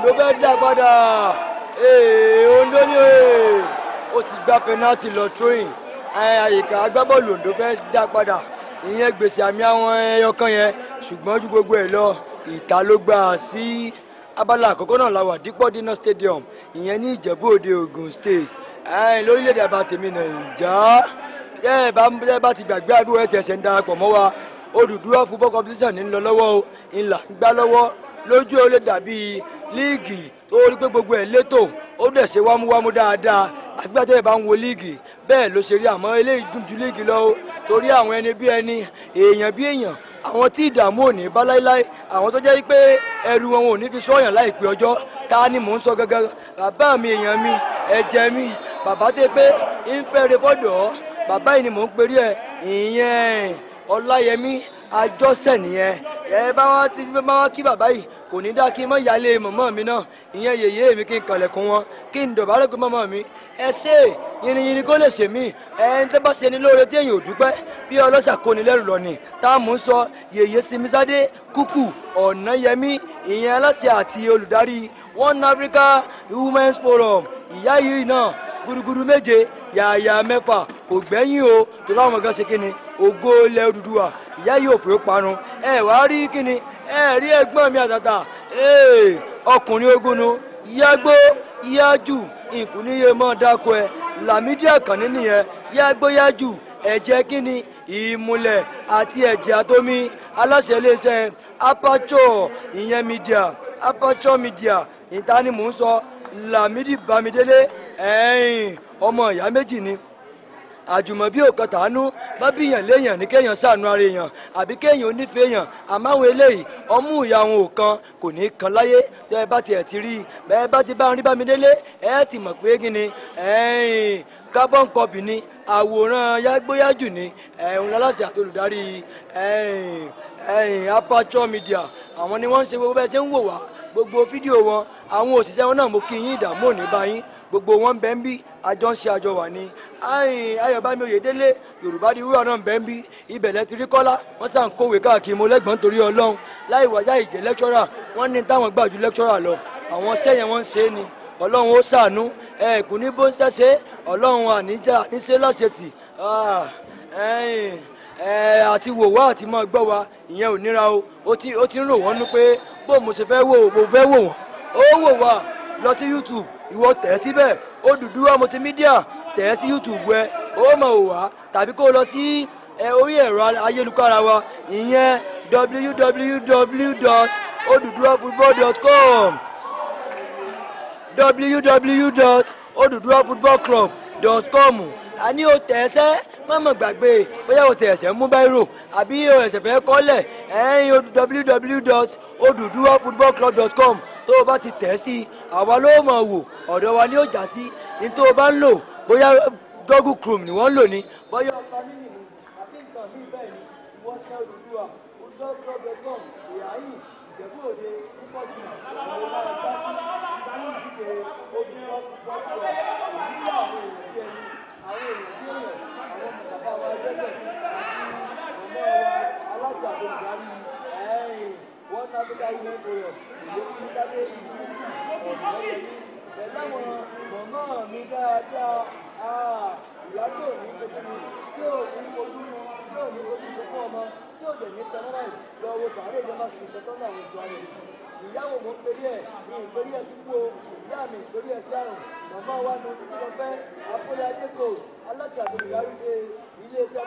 Speaker 1: Ondo fẹ́ dá padà Ondo ní ó ti gba penalty lọ tróyìn àyíká agbábọ́ọ̀lù Ondo fẹ́ dá padà ìyẹn gbèsè àmì àwọn ẹyọkan yẹn ṣùgbọ́n ju gbogbo ẹ̀ lọ ìta ló gbà sí abala àkọ́kọ́ náà la wà dípọ̀ dínà stadium ìyẹn ní Ìjẹ̀bú Òde Ògùn state lórílẹ̀‐èdè àbátẹ̀mí nàìjà ẹ bá ti gbàgbé àbí wọ́n ẹ̀sẹ̀ ń darapọ̀ mọ́ wa Odùduwà football competition ń lọ lọ́wọ́ o ńlá ń gbá lọ́wọ́ lójú ó lè dàbí líìgì tó rí pé gbogbo ẹ̀ létò ó dẹ̀ ṣe wámúwámú dáadáa àti gbàtẹ́ ẹ̀ bá ń wo líìgì bẹ́ẹ̀ ló ṣe rí àmọ́ eléyìí dùn ju líìgì lọ o torí àwọn ẹni bí ẹni èèyàn bí èèyàn àwọn tí ìdààmú ò ní bá láéláé àwọn tó jẹ́ pé ẹrù wọn ò ní fi sọ́yàn láìpẹ́ ọjọ́ ta ni mò ń sọ gangan bàbá mi èèyàn mi ẹ̀jẹ̀ mi bàbá tẹ pé ń fẹ́ re fọ́dọ̀ bàbá yìí ni mò ń perí ẹ̀ ìyẹn Ọláyẹmí àjọṣe nìyẹn ẹ bá wá ti bá wá kí bàbá yìí kò ní dá kí n mọ ìyáálé mọ̀mọ́ mi náà ìyẹn yèyé mi kí n kànlẹ̀kùn wọn kí n dọ̀bálẹ̀ pé mọ̀mọ́ mi ẹ ṣe yìnyínní kó lè ṣe mí ẹ ń tẹ́ bá ṣe ní lóore tí èyàn ò dúpẹ́ bí ọlọ́ṣà kò ní lẹ́rù lọ́nì tá a mú sọ yèyé simisade kúkú ọ̀nà yẹmí ìyẹn aláṣẹ àti olùdarí One Africa Women's Forum ìyá yìí náà gudugudu méje yàyà mẹ́fà kò gbẹ́yìn o tó láwọn kan ṣe kí ni ògo ilẹ̀ Odùduwà ìyá yìí ò fòrò parun ẹ wá rí kíni ẹ rí ẹ̀gbọ́n mi àtàtà ọkùnrin ogun nu yágbó yájù ìkùnìyẹ mọ dáko ẹ Lámídì Àkànní nìyẹn yágbó yájù ẹ̀jẹ̀ kíni ìmùlẹ̀ àti ẹ̀jẹ̀ àtomi aláṣẹ iléeṣẹ́ apature ìyẹn media apature media ìta ni mò ń sọ Lámídì Bámidélé ẹ̀yìn ọmọ ìyá méjì ni àjùmọ̀bí ò kan tàánú bá bíyàn léèyàn ní kéèyàn ṣàánú ara èèyàn àbí kéèyàn onífẹ̀ẹ́ yàn àmọ́ àwọn eléyìí ọmú ìyá wọn ò kan kò ní í kan láyé tẹ́ ẹ bá tiẹ̀ ti rí i bẹ́ẹ̀ bá ti bá ń rí Bámidélé ẹ ti mọ̀ pé kí ni ẹ̀ẹ́n carbon copy ni àwòrán yágbóyájú ni ẹ̀hún aláṣẹ àti olùdarí aperture media àwọn ni wọ́n ń ṣe gbogbo bẹ́ẹ̀ ṣe ń wò wá gbogbo fídíò wọn àwọn òṣìṣẹ́ wọn náà mo kí yín ìdààmú òní bá yín gbogbo wọn bẹ́ẹ̀ ń bí àjọ ń ṣe àjọ wà ní ayọ̀bámi oyèdélé yorùbá di wúrà náà bẹ́ẹ̀ ń bí ibẹ̀lẹ̀ ti rí kọ́lá wọ́n sàn kówé káàkiri mo lẹ́gbọ̀n torí ọlọ́run láì wáyà ìjẹ́ lẹ́kṣọ́rà wọ́n ní táwọn gbà ju lẹ́kṣọ́rà lọ àwọn sẹ́yìn wọn ń ṣe é ni ọlọ́run ó ṣàánú ẹ̀ẹ́kùn ní bó ń ṣẹ̀ṣẹ̀ ọlọ́run àníjà níṣẹ́ lọ́ṣẹ̀tì ah, àti wò wá àti máa gbọ́ wa ìyẹn ò níra o ó ti ń rò wọ́n nú pé bó mo ṣe fẹ́ wò mo ó wò wá lọ sí youtube ìwọ tẹ̀ síbẹ̀ Odùduwà multimedia tẹ̀ sí youtube ẹ ó mọ̀ ò wá tàbí kó lọ sí orí ẹ̀rọ ayélujára wa ìyẹn www.oduduwafootball.com www.oduduwafootballclub.com a ní o tẹ̀ ẹsẹ́ mọ̀mọ́ gbàgbé bóyá o tẹ̀ ẹsẹ̀ mú báírò àbí o ẹsẹ̀ fẹ́ kọ́lẹ̀ ẹ̀yìn www.oduduwafootballclub.com tó o bá ti tẹ̀ sí i àwa ló mọ̀ wò ọ̀dọ̀ wa ni ó já sí ní tó o bá ń lò bóyá google chrome ni wọ́n ń lò ní bóyá ọ̀pá nínú àti nǹkan bíi bẹ́ẹ̀ ni wọ́n tẹ́ olùdúwà olùdókòwò.com ìyáyí
Speaker 3: ìjẹ̀bú òde púpọ̀jù ìwé lára já sí ìdáná ìdíje olùkọ́ púpọ̀jù pẹ̀láwọn mọ̀mọ́ mi dáadáa ìyá tí ò ní fojú mi tí ò
Speaker 1: ní fojú mi tí ò ní fojú sọ fún ọmọ tí ò dẹ̀ ní tẹ́lẹ̀ lọ wo sàárè ìjọba sí ìtọ́tọ́ ní àwọn ìṣọ́ rẹ̀ ìyáwó mo péré ẹ̀ ní ìpéré ẹ̀ sí kú o ìyá mi ìpéré ẹ̀ sí àrùn màmá wa ní ojú tó fẹ́ abúlé adéko aláṣẹ àgbègbè ṣe iléeṣẹ́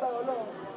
Speaker 1: tó ọlọ́run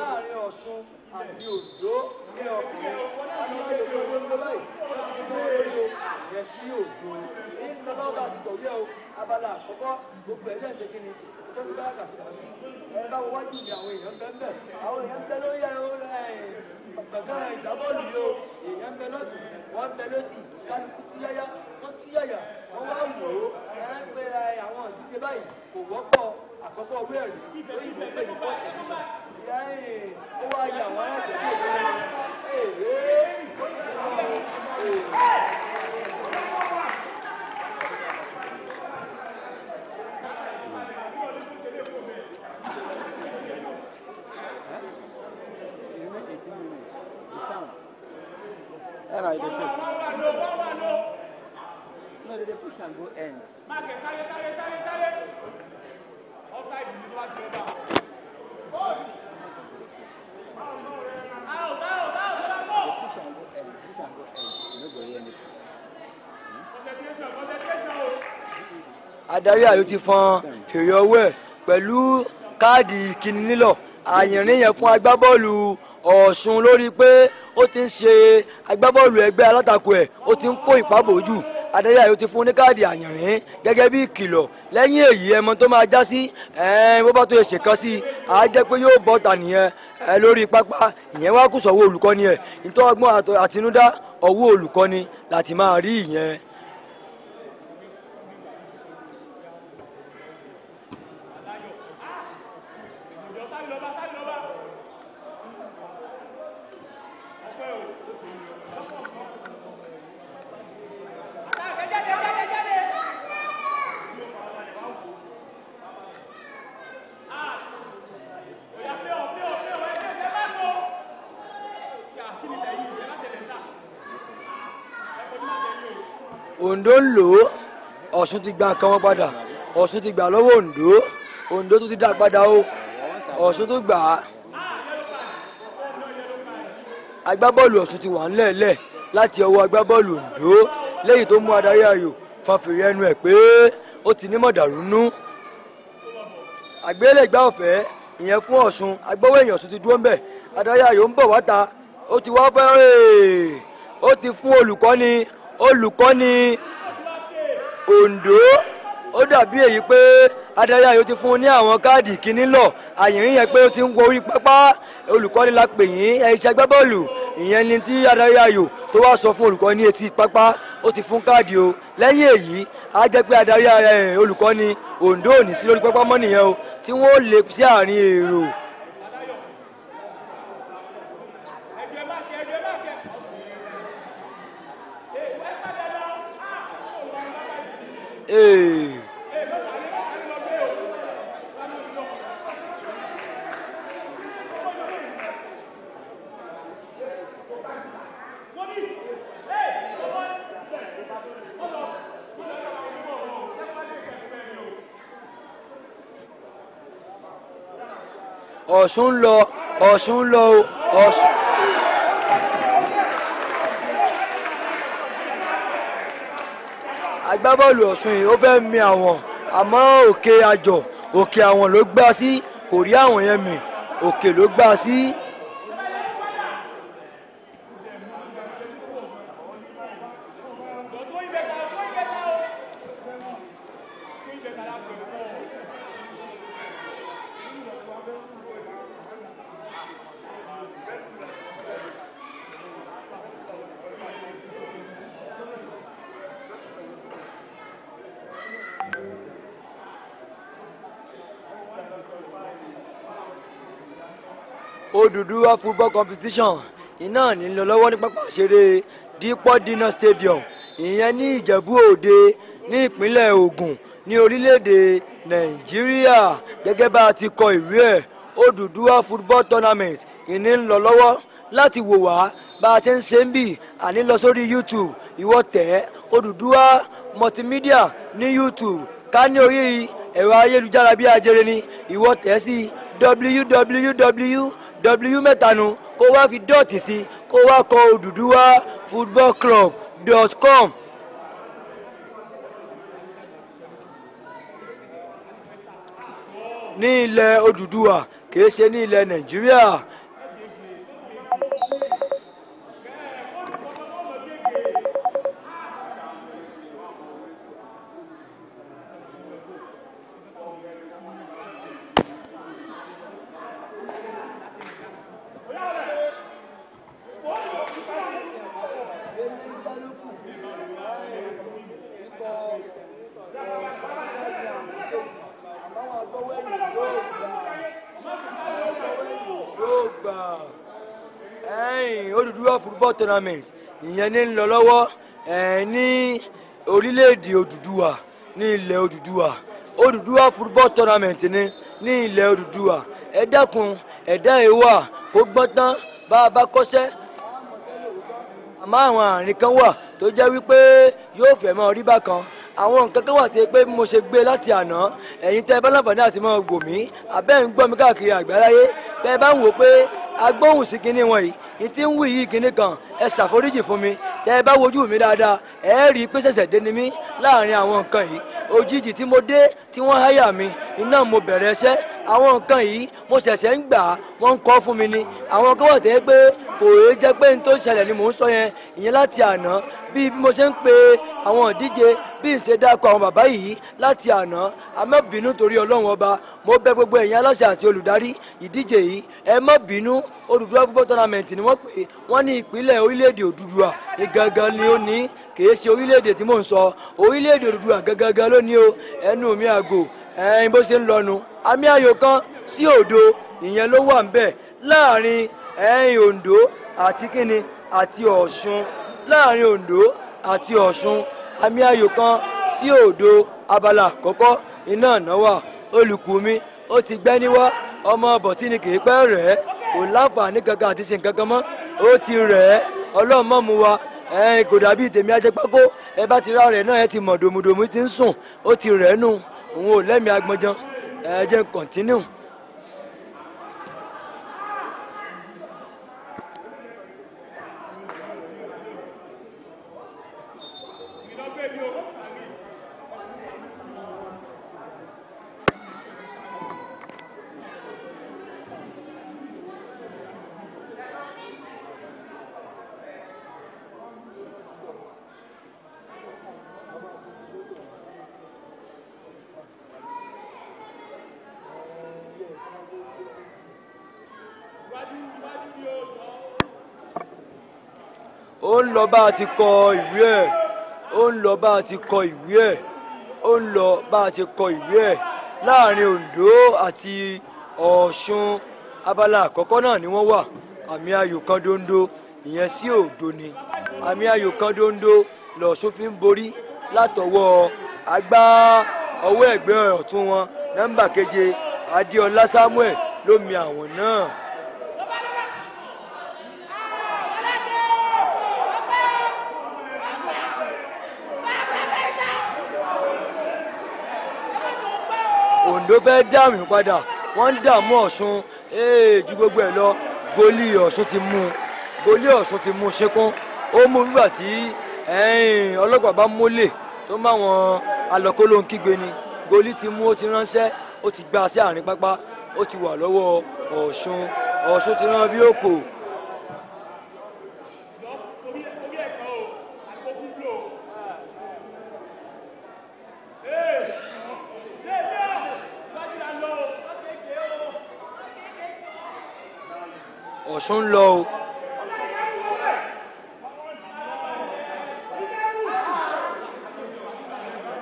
Speaker 3: láàrin Ọ̀ṣun àti Oǹdó ní ọkùnrin adúláyò tó ló ń lọ báyìí adúláyò
Speaker 1: yẹn sí Oǹdó ní bàbá ọba àtìtọ̀wé o abala àkọ́kọ́ gbogbo ẹ̀ dẹ́sẹ̀ kí ni tó ń bá kàṣí kàṣí ẹ bá wájú mi àwọn èèyàn bẹ́ẹ̀ bẹ́ẹ̀ àwọn èèyàn bẹ́ẹ̀ lórí ẹ̀rọ
Speaker 3: gbàgbà ìdábọ́ọ̀lù yìí o
Speaker 1: èèyàn bẹ́ẹ̀ lọ́sì wọ́n bẹ́ẹ̀ lọ́sì kálukú tíyáyá wọ́n tíyáyà wọ́n wá wò ó ẹ pé àwọn ìdíje báyìí kò wọ́pọ̀ àkọ́kọ́ wẹ́ẹ̀rì lóyìnbó pé ní
Speaker 3: fọ́ọ̀tì Era aí, deixa eu.
Speaker 1: No, they push and go end.
Speaker 3: Marque, sale, sale, sale, sale. Offside, you do not go
Speaker 1: adarí ayò ti fọn fèrè ọwọ́ ẹ̀ pẹ̀lú káàdì ìkíni nílọ̀ àyìnrín yẹn fún agbábọ́ọ̀lù ọ̀ṣun lórí pé ó ti ń ṣe agbábọ́ọ̀lù ẹgbẹ́ alátakò ẹ̀ ó ti ń kó ìpábòójù adarí ayò ti fún ní káàdì àyìnrín gẹ́gẹ́ bí ìkìlọ̀ lẹ́yìn èyí ẹmọ tó máa já sí bó bá tó yẹ ṣèkan sí i á pé yóò bọ́ ta nìyẹn lórí pápá ìyẹn wá kù sọ́wọ́ olùkọ́ni ẹ̀ ìtọ́ àtinúdá ọwọ́ olùkọ́ni láti máa rí ìyẹn. Ondo ń lò ó Ọ̀ṣun ti gba nǹkan wọn padà Ọ̀ṣun ti gbà lọ́wọ́ Ondo Ondo tó ti dá padà o Ọ̀ṣun tó gbà á agbábọ́ọ̀lù Ọ̀ṣun ti wà ńlẹ̀ẹ́lẹ̀ láti ọwọ́ agbábọ́ọ̀lù Ondo lẹ́yìn tó mú adarí ayò fanfèrè ẹnu ẹ̀ pé ó ti ní mọ̀dàrúnú àgbélẹ̀gbá ọ̀fẹ́ ìyẹn fún Ọ̀ṣun agbówó èèyàn Ọ̀ṣun ti dúró ń bẹ̀ adarí ayò ń bọ̀ wá ta ó ti wá fẹ́ ó ti fún olùkọ́ni olùkọ́ ní Ondo ó dàbí èyí pé adarí ayò ti fún un ní àwọn káàdì kìíní lọ àyìnrín yẹn pé ó ti ń wọ orí pápá olùkọ́ni la pè yín ẹ̀ṣẹ̀ agbábọ́ọ̀lù ìyẹn ni tí adarí ayò tó wá sọ fún olùkọ́ etí pápá ó ti fún káàdì o lẹ́yìn èyí á jẹ́ pé adaya olùkọ́ni Ondo ò ní sí lórí pápá mọ́ nìyẹn o tí wọ́n lè sí àárín èrò
Speaker 3: ¡Eh!
Speaker 1: Osunlo, Osunlo, Osunlo. agbábọ́ọ̀lù ọ̀sùn yìí ó fẹ́ mi àwọn àmọ́ òkè àjọ òkè àwọn ló gbá sí kò rí àwọn yẹn mi òkè ló gbá sí Odùduwà football competition iná ní lọ lọ́wọ́ ní pápá ìṣeré Dípọ̀ Dínà stadium ìyẹn ní Ìjẹ̀bú Òde ní ìpínlẹ̀ Ògùn ní orílẹ̀-èdè Nàìjíríà gẹ́gẹ́ bá a ti kọ ìwé ẹ̀ Odùduwà football tournament ìní ń lọ lọ́wọ́ láti wò wá bá a ti ń ṣe ń bì àní lọ sórí YouTube ìwọ tẹ̀ Odùduwà multimedia ní YouTube ká ní orí ẹ̀rọ ayélujára bí ajere ni ìwọ tẹ̀ sí www w mẹ́ta nu kó wá fi dọ́ọ̀tì sí kó wá kọ Odùduwà football club dot com. ní ilẹ̀ Odùduwà kìí ṣe ní ilẹ̀ Nàìjíríà tournament ìyẹn ní ń lọ lọ́wọ́ ní orílẹ̀-èdè Odùduwà ní ilẹ̀ Odùduwà Odùduwà football tournament ni ní ilẹ̀ Odùduwà ẹ dákun ẹ̀dá ìwà kó gbọ́n tán bá a bá kọ́ṣẹ́ àmọ́ àwọn àárín kan wà tó jẹ́ wípé yóò fẹ́ mọ́ rí bákan àwọn nǹkan kan wà tí pé mo ṣe gbé láti àná ẹ̀yin tẹ́ ẹ bá láǹfààní àti mọ́ gbòmí abẹ́ ń gbọ́ mi káàkiri àgbáláyé tẹ́ ẹ bá ń wò pé agbóhùn sí kinní wọn yìí ní tí ń wí yìí kinní kan ẹ ṣàforíjì fún mi tẹ ẹ bá wojú mi dáadáa ẹ rí i pé ṣẹ̀ṣẹ̀ dé ni mí láàrin àwọn nǹkan yìí òjijì tí mo dé tí wọ́n háyà mi iná mo bẹ̀rẹ̀ iṣẹ́ àwọn nǹkan yìí mo ṣẹ̀ṣẹ̀ ń gbà wọ́n ń kọ́ fún mi ni àwọn kan wà tẹ́ pé kò é jẹ́ pé n tó ṣẹlẹ̀ ni mò ń sọ yẹn ìyẹn láti àná bí bí mo ṣe ń pe àwọn ìdíje bí n ṣe dákọ àwọn bàbá yìí láti àná a má bínú torí ọlọ́run ọba mo bẹ̀ gbogbo ẹ̀yin aláṣẹ àti olùdarí ìdíje yìí ẹ má bínú Odùduwà football tournament ni wọ́n pè wọ́n ní ìpínlẹ̀ orílẹ̀-èdè Odùduwà ìgangan ni ó ní kìí ṣe orílẹ̀-èdè tí mò ń sọ orílẹ̀-èdè Odùduwà gangan lónìí o ẹnu mi àgò ẹyin bó ṣe ń lọnu àmì ayò kan sí òdo ìyẹn ló wà ń bẹ̀ láàrin ẹyin Oǹdó àti kíni àti Ọ̀ṣun láàrin Oǹdó àti Ọ̀ṣun àmì ayò kan sí òdo abala àkọ́kọ́ iná ànáwà olùkù mi ó ti gbẹ́ níwá ọmọ bọ̀tí ni kì í pẹ́ rẹ̀ kò láǹfààní kankan àti ṣe nǹkan kan mọ́ ó ti rẹ̀ ọlọ́mọ́mu wa ẹ kò dàbí tèmi ajẹpákó ẹ bá ti rá rẹ náà ẹ ti mọ̀ dòmùdòmù ti ń sùn ó ti rẹ̀ nù òun ò lẹ́mìí agbọ̀njan ẹ jẹ́ ń kọ̀ntínú. ó ń lọ bá a ti kọ ìwé ẹ̀ ó ń lọ bá a ti kọ ìwé ẹ̀ ó ń lọ bá a ti kọ ìwé ẹ̀ láàrin Oǹdó àti Ọ̀ṣun abala àkọ́kọ́ náà ni wọ́n wà àmì ayò kan dondo ìyẹn sí òdo ni àmì ayò kan dondo lọ̀ṣun fi ń borí látọwọ́ agbá ọwọ́ ẹ̀gbẹ́ ọ̀tún wọn nọ́mbà keje Adéọlá Samuel ló mi àwọn náà. ló fẹ́ dààmú padà wọ́n ń dààmú ọ̀ṣun ju gbogbo ẹ̀ lọ gólì ọ̀ṣun ti mú gólì ọ̀ṣun ti mú ṣekún ó mú nígbà tí ọlọ́pàá bá mólè tó má wọn alọ́kóló ń kígbe ni gólì ti mú ó ti ránṣẹ́ ó ti gbà sí àárín pápá ó ti wà lọ́wọ́ ọ̀ṣun ọ̀ṣun ti rán bí ó kò ọ̀ṣun lọ o.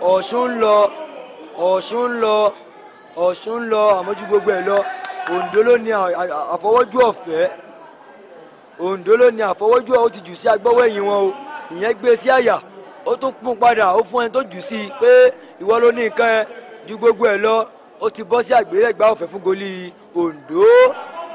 Speaker 1: ọ̀ṣun lọ ọ̀ṣun lọ ọ̀ṣun lọ àmójú gbogbo ẹ̀ lọ Oǹdó ló ní àfọwọ́jú ọ̀fẹ́ Oǹdó ló ní àfọwọ́jú ó ti jù sí agbọ́wọ́ ẹ̀yìn wọn o ìyẹn gbé sí àyà ó tún fún padà ó fún ẹni tó jù sí i pé ìwọ ló ní nǹkan ẹ ju gbogbo ẹ̀ lọ ó ti bọ́ sí àgbélẹ̀gbá ọ̀fẹ́ fún goli Oǹdó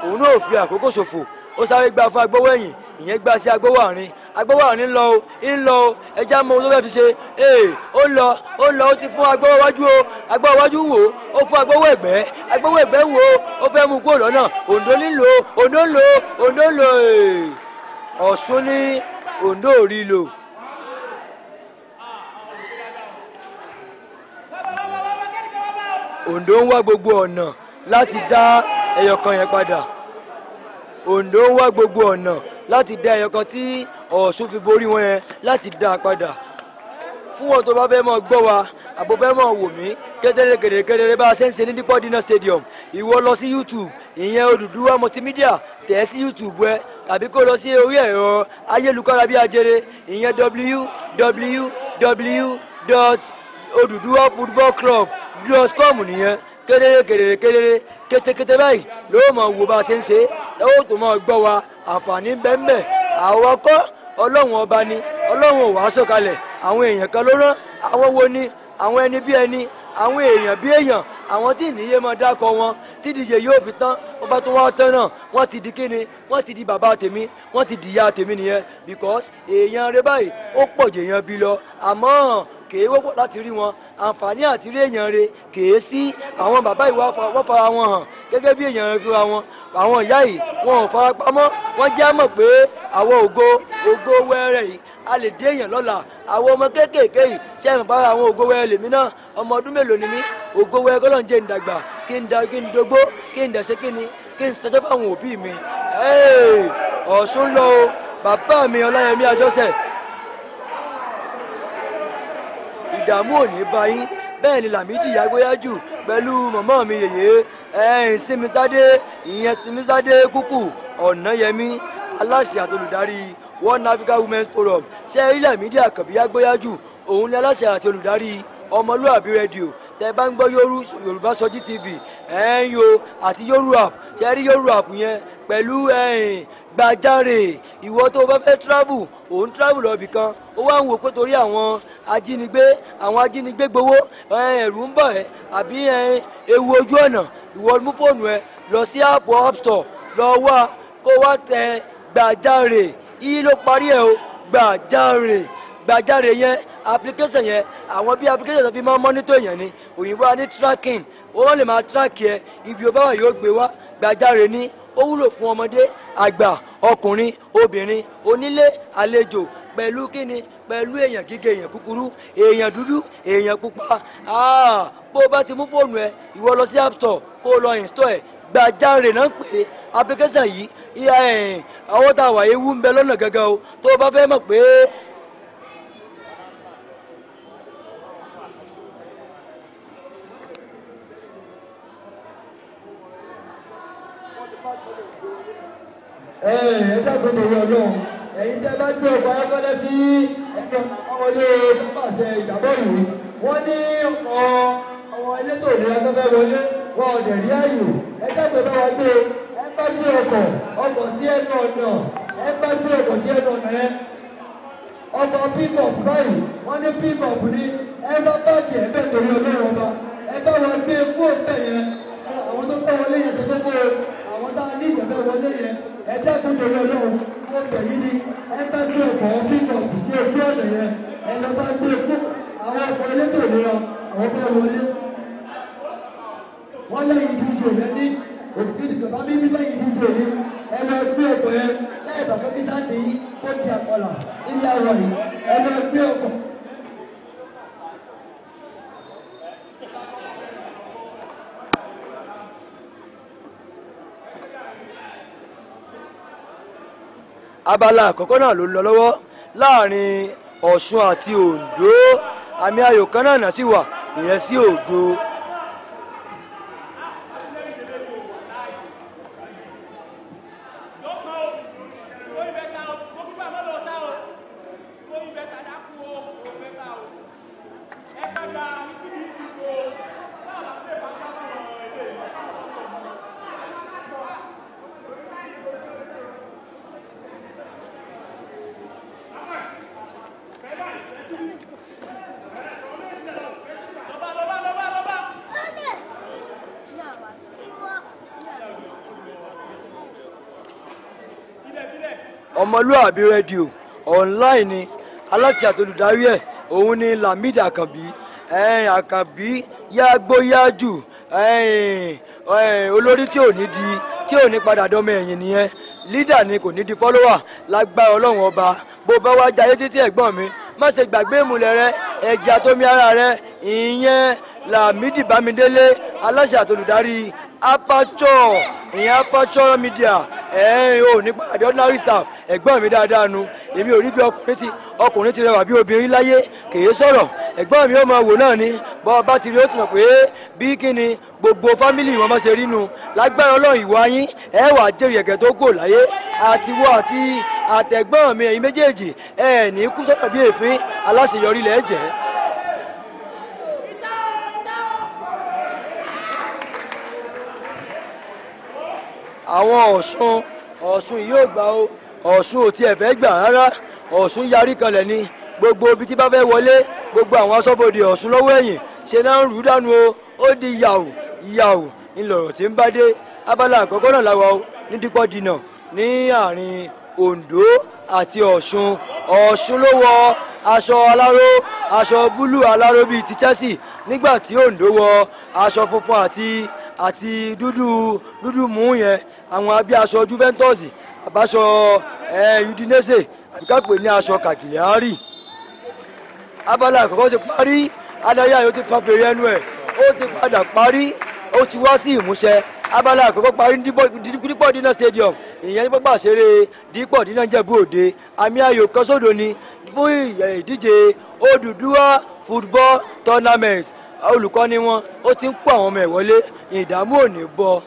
Speaker 1: òun náà fi àkókò ṣòfò ó sáré gba fún agbowó ẹ̀yìn ìyẹn gba sí agbowó àárín agbowó àárín lọ o ń lọ o ẹja mọ ohun tó fẹ́ fi ṣe ee ó lọ ó lọ ó ti fún agbowó iwájú o agbowó iwájú wò ó ó fún agbowó ẹ̀gbẹ́ agbowó ẹ̀gbẹ́ wò ó ó fẹ́ mú kúrò lọ́nà òǹdó nílò òǹdó lò òǹdó lò ee ọ̀ṣun ní òǹdó ò rí lò. Ondo ń wá gbogbo ọ̀nà láti dá ẹyọkan yẹn padà. Ondo ń wá gbogbo ọ̀nà láti dá ẹyọ kan tí Ọ̀ṣun fi borí wọn yẹn láti dá a padà fún wọn tó bá fẹ́ mọ̀ gbọ́ wa àbò fẹ́ mọ̀ wò mí kẹ́tẹ́rẹ́ kẹ́tẹ́rẹ́ bá a ṣe ń ṣe ní dípọ́ dínà stadium ìwọ lọ sí YouTube ìyẹn Odùduwà multimedia tẹ̀ ẹ́ sí YouTube ẹ tàbí kó lọ sí orí ẹ̀rọ ayélujára bí ajere ìyẹn www.oduduwafootballclub.com nìyẹn kedere kedere kedere ketekete báyìí ló mọ̀ wò bá a ṣe ń ṣe ó tó mọ̀ gbọ́ wa àǹfààní bẹ́ẹ̀nbẹ́ẹ̀ àwọn kọ́ ọlọ́run ọba ni ọlọ́run ò wá sọ̀kalẹ̀ àwọn èèyàn kan ló rán àwọn wo ni àwọn ẹni bí ẹni àwọn èèyàn bí èèyàn àwọn tí ìníye máa dákọ wọn tí ìdíje yóò fi tán wọn bá tún wá tán náà wọn ti di kíni wọn ti di bàbá tèmi wọn ti di ìyá tèmi nìyẹn because èèyàn rẹ báyìí ó pọ̀ jù èèyàn bí lọ àmọ́ kèé wọ́pọ̀ láti rí wọn àǹfààní àti rí èèyàn re kèé sí àwọn bàbá ìwà wọ́n fara wọn hàn gẹ́gẹ́ bí èèyàn rẹ fúnra wọn àwọn ìyá yìí wọn ò fara pamọ́ wọ́n jẹ́ mọ̀ pé àwọn ògo ògo wẹ́rẹ́ yìí a lè dé èèyàn lọ́la àwọn ọmọ kéékèèké yìí ṣe é bá àwọn ògo wẹ́rẹ́ lèmi náà ọmọ ọdún mélòó ni mí ògo wẹ́rẹ́ kọ́ ló ń jẹ́ ìdàgbà kí n da kí n dogbó kí n dẹ̀ṣẹ́ kí ni kí n ṣẹjọ́ fáwọn òbí mi ọ̀ṣun lọ o bàbá mi ọláyẹmí àjọṣe ìdààmú ò ní bá yín bẹ́ẹ̀ ni Lámìdí Yágóyájù pẹ̀lú mọ̀mọ́ mi yèyé ẹ̀ẹ́n Simisadé ìyẹn Simisadé Kúkú Ọ̀nàyẹmí aláṣẹ àtolùdarí One Africa Women's Forum ṣe rí Lámìdí Àkànbí Yágóyájù òun ni aláṣẹ àti olùdarí ọmọlúàbí rédíò tẹ bá ń gbọ́ yorùbá sọjí tv ẹ̀ẹ́n yo àti yorùbá ṣe rí yorùbá yẹn pẹ̀lú ẹ̀ẹ́n gbàjáre ìwọ tó o bá fẹ́ travel òun travel lọ́bì kan ó wá ń wò pé torí àwọn ajínigbé àwọn ajínigbé gbowó ẹ̀rù ń bọ̀ ẹ́ àbí ewu ojú ọ̀nà ìwọ mú fóònù ẹ lọ sí app app store lọ wá kó wá tẹ gbàjáre yìí ló parí ẹ o gbàjáre gbàjáre yẹn application yẹn àwọn bí application tó fi máa monitor èèyàn ni òyìnbó a ní tracking ó wọ́n lè máa track ẹ ibi ò bá wà yóò gbé wá gbàjáre ní ó wúlò fún ọmọdé àgbà ọkùnrin obìnrin onílé àlejò pẹ̀lú kíni pẹ̀lú èèyàn gíga èèyàn kúkúrú èèyàn dúdú èèyàn pupa ah, bó o bá ti mú fóònù ẹ ìwọ lọ sí app store kó o lọ install ẹ gbàjáre náà ń pè é application yìí àwọn tá a wà yìí wú ń bẹ lọ́nà gángan o tó o bá fẹ́ mọ̀ pé
Speaker 3: ẹ dàgbé torí ọlọ́run ẹ̀yin tẹ́ bá gbé ọkọ̀
Speaker 1: ayọ́kọ́lẹ́ sí ẹgbẹ́ ọmọlé pàṣẹ ìgbàbọ́ọ̀lù wọ́n ní ọmọ elétò ìlera tó fẹ́ wọlé wọn ò dẹ̀ rí ààyò ẹ dàgbé bá wa gbé ẹ bá gbé ọkọ̀ ọkọ̀ sí ẹnu ọ̀nà ẹ bá gbé ọkọ̀ sí ẹnu ọ̀nà yẹn ọkọ̀ píkọ̀pù báyìí wọ́n ní píkọ̀pù ní ẹ bá báàgì ẹ bẹ́ẹ̀ torí ọlọ́run ọba ẹ bá wa gbé kó bẹ́ẹ̀ yẹn àwọn tó fẹ́ wọlé yẹn ṣe tó kó àwọn tá a ní ìgbà wọlé yẹn ẹ dákun torí ọlọ́run mo bẹ̀ yín ni ẹ bá gbé ọkọ̀ píkọ̀p sí ojú ọ̀nà yẹn ẹ lọ bá gbé e fún àwọn ọkọ̀ elétò ìlera àwọn bá wọlé wọ́n lẹ́yìn ìdíje rẹ ní òkìkí bàbá mímí lẹ́yìn ìdíje mi ẹ lọ gbé ọkọ̀ yẹn láì bàbá kí sáà nìyí tó di àkọlà nílẹ̀
Speaker 2: àwọ̀ ẹ lọ gbé ọkọ̀.
Speaker 1: abala àkọ́kọ́ náà ló lọ lọ́wọ́ láàrin Ọ̀ṣun àti Oǹdó àmì ayò kan náà náà sì wà ìyẹn sí Oǹdó ọmọlúàbí rédíò online ni aláṣẹ àtolùdarí ẹ̀ òun ni Lamidi Àkànbí ẹ̀ẹ́n Àkànbí yágbóyájù ẹ̀ẹ́n olórí tí ò ní di tí ò ní padà dọ́mọ ẹ̀yìn nìyẹn lídà ni kò ní di fọ́lọ́wà lágbára ọlọ́run ọba bó bá wá jayé títí ẹ̀gbọ́n mi má ṣe gbàgbé ìmùlẹ̀ rẹ ẹ̀jẹ̀ àtomi ara rẹ ìyẹn Lamidi Bámidélé aláṣẹ àtolùdarí apacho ìyẹn apacho media ẹ o nípa àdé ordinary staff ẹ̀gbọ́n mi dáadáa nu èmi ò rí bí ọkùnrin ti ọkùnrin ti rẹwà bí obìnrin láyé kèé sọ̀rọ̀ ẹ̀gbọ́n mi ó máa wò náà ni bọ́ ọba ti rí ó ti gbogbo fámìlì wọn bá ṣe rí nu lágbára ọlọ́run ìwà yín ẹ wà jèrè ẹ̀gẹ́ tó kò láyé àtiwọ́ àti àtẹ̀gbọ́n mi ẹ̀yin méjèèjì ẹ̀ ní kú sọ̀rọ̀ àwọn ọ̀ṣun ọ̀ṣun yìí ò gbà o ọ̀ṣun ò tiẹ̀ fẹ́ gbà rárá ọ̀ṣun yarí kanlẹ̀ ni gbogbo ibi tí bá fẹ́ wọlé gbogbo àwọn aṣọ́bodè ọ̀ṣun lọ́wọ́ ẹ̀yìn ṣe náà ń rú dànù o ó di yàwù yàwù ńlọrọ̀ tí ń bá dé abala àkọ́kọ́ náà làwà o ní dípọ̀ dínà ní àárín Oǹdó àti Ọ̀ṣun Ọ̀ṣun ló wọ aṣọ aláró aṣọ búlúù aláró bíi ti Chelsea nígbà tí Oǹdó wọ aṣọ funfun àti àti dúdú dúdú mú yẹn àwọn abí aṣọ Juventus àbáṣọ Udinese àbíkápẹ́ ní aṣọ kàkìlẹ́árì abala àkọ́kọ́ ti parí adáyà yóò ti fa fèrè ẹnu ẹ̀ ó ti padà parí ó ti wá sí ìmúṣẹ abala àkọ́kọ́ parí dípọ̀ dínà stadium ìyẹn ní pápá àṣeré dípọ̀ dínà jẹ̀bú òde àmì ayò kan sódò ni fún ìdíje Odùduwà football tournament olùkọ́ ni wọ́n ó ti ń pọ̀ àwọn ọmọ ẹ̀ wọlé ìdààmú ò ní bọ́ ọ.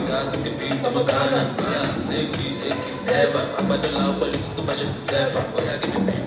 Speaker 3: kazi ukipita mabana mziki ziki never abadala ubalititumashe sisefa oyakidipia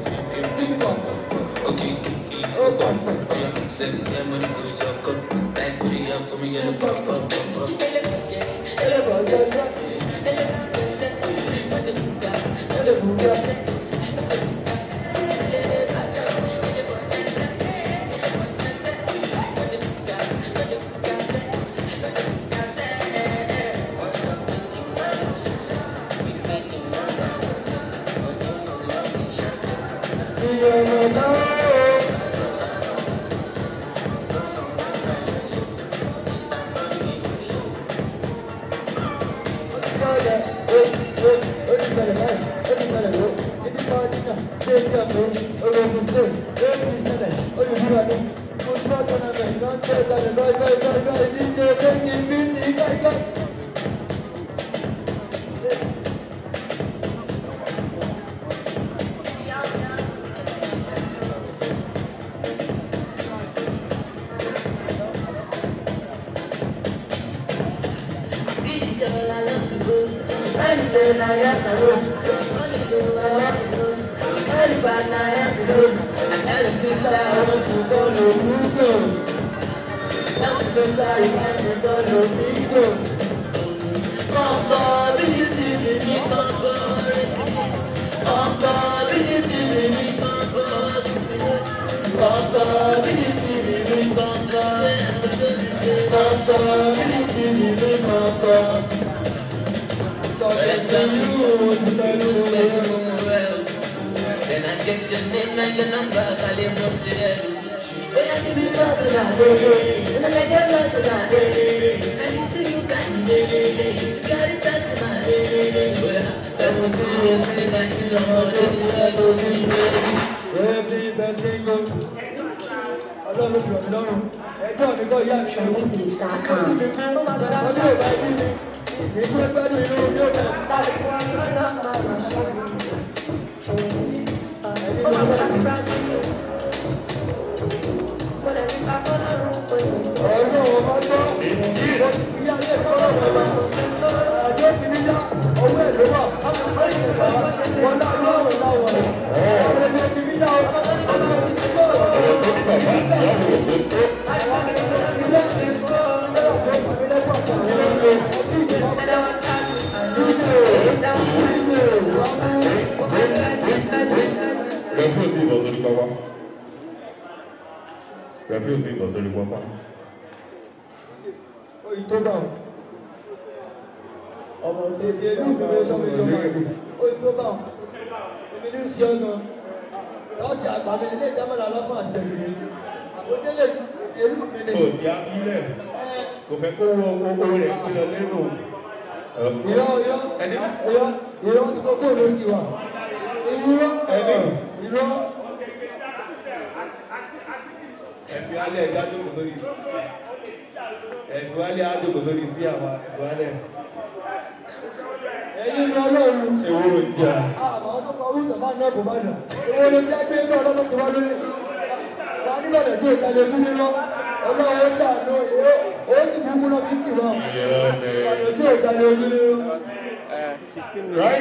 Speaker 1: Right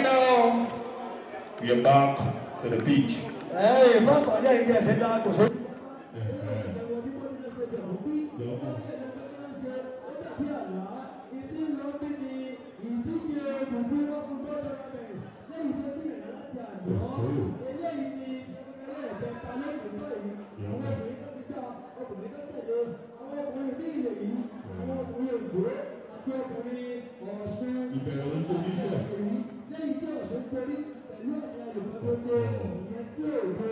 Speaker 2: now, we are back to the beach.
Speaker 3: Òyìnbó àti ọkùnrin Ọ̀ṣun. Ìbẹ̀rẹ̀ ló ń ṣojú iṣẹ́. Èyí lẹ́yìn tí Ọ̀ṣun torí pẹ̀lú ọ̀nà Yorùbá tó dé ìyẹn sí òde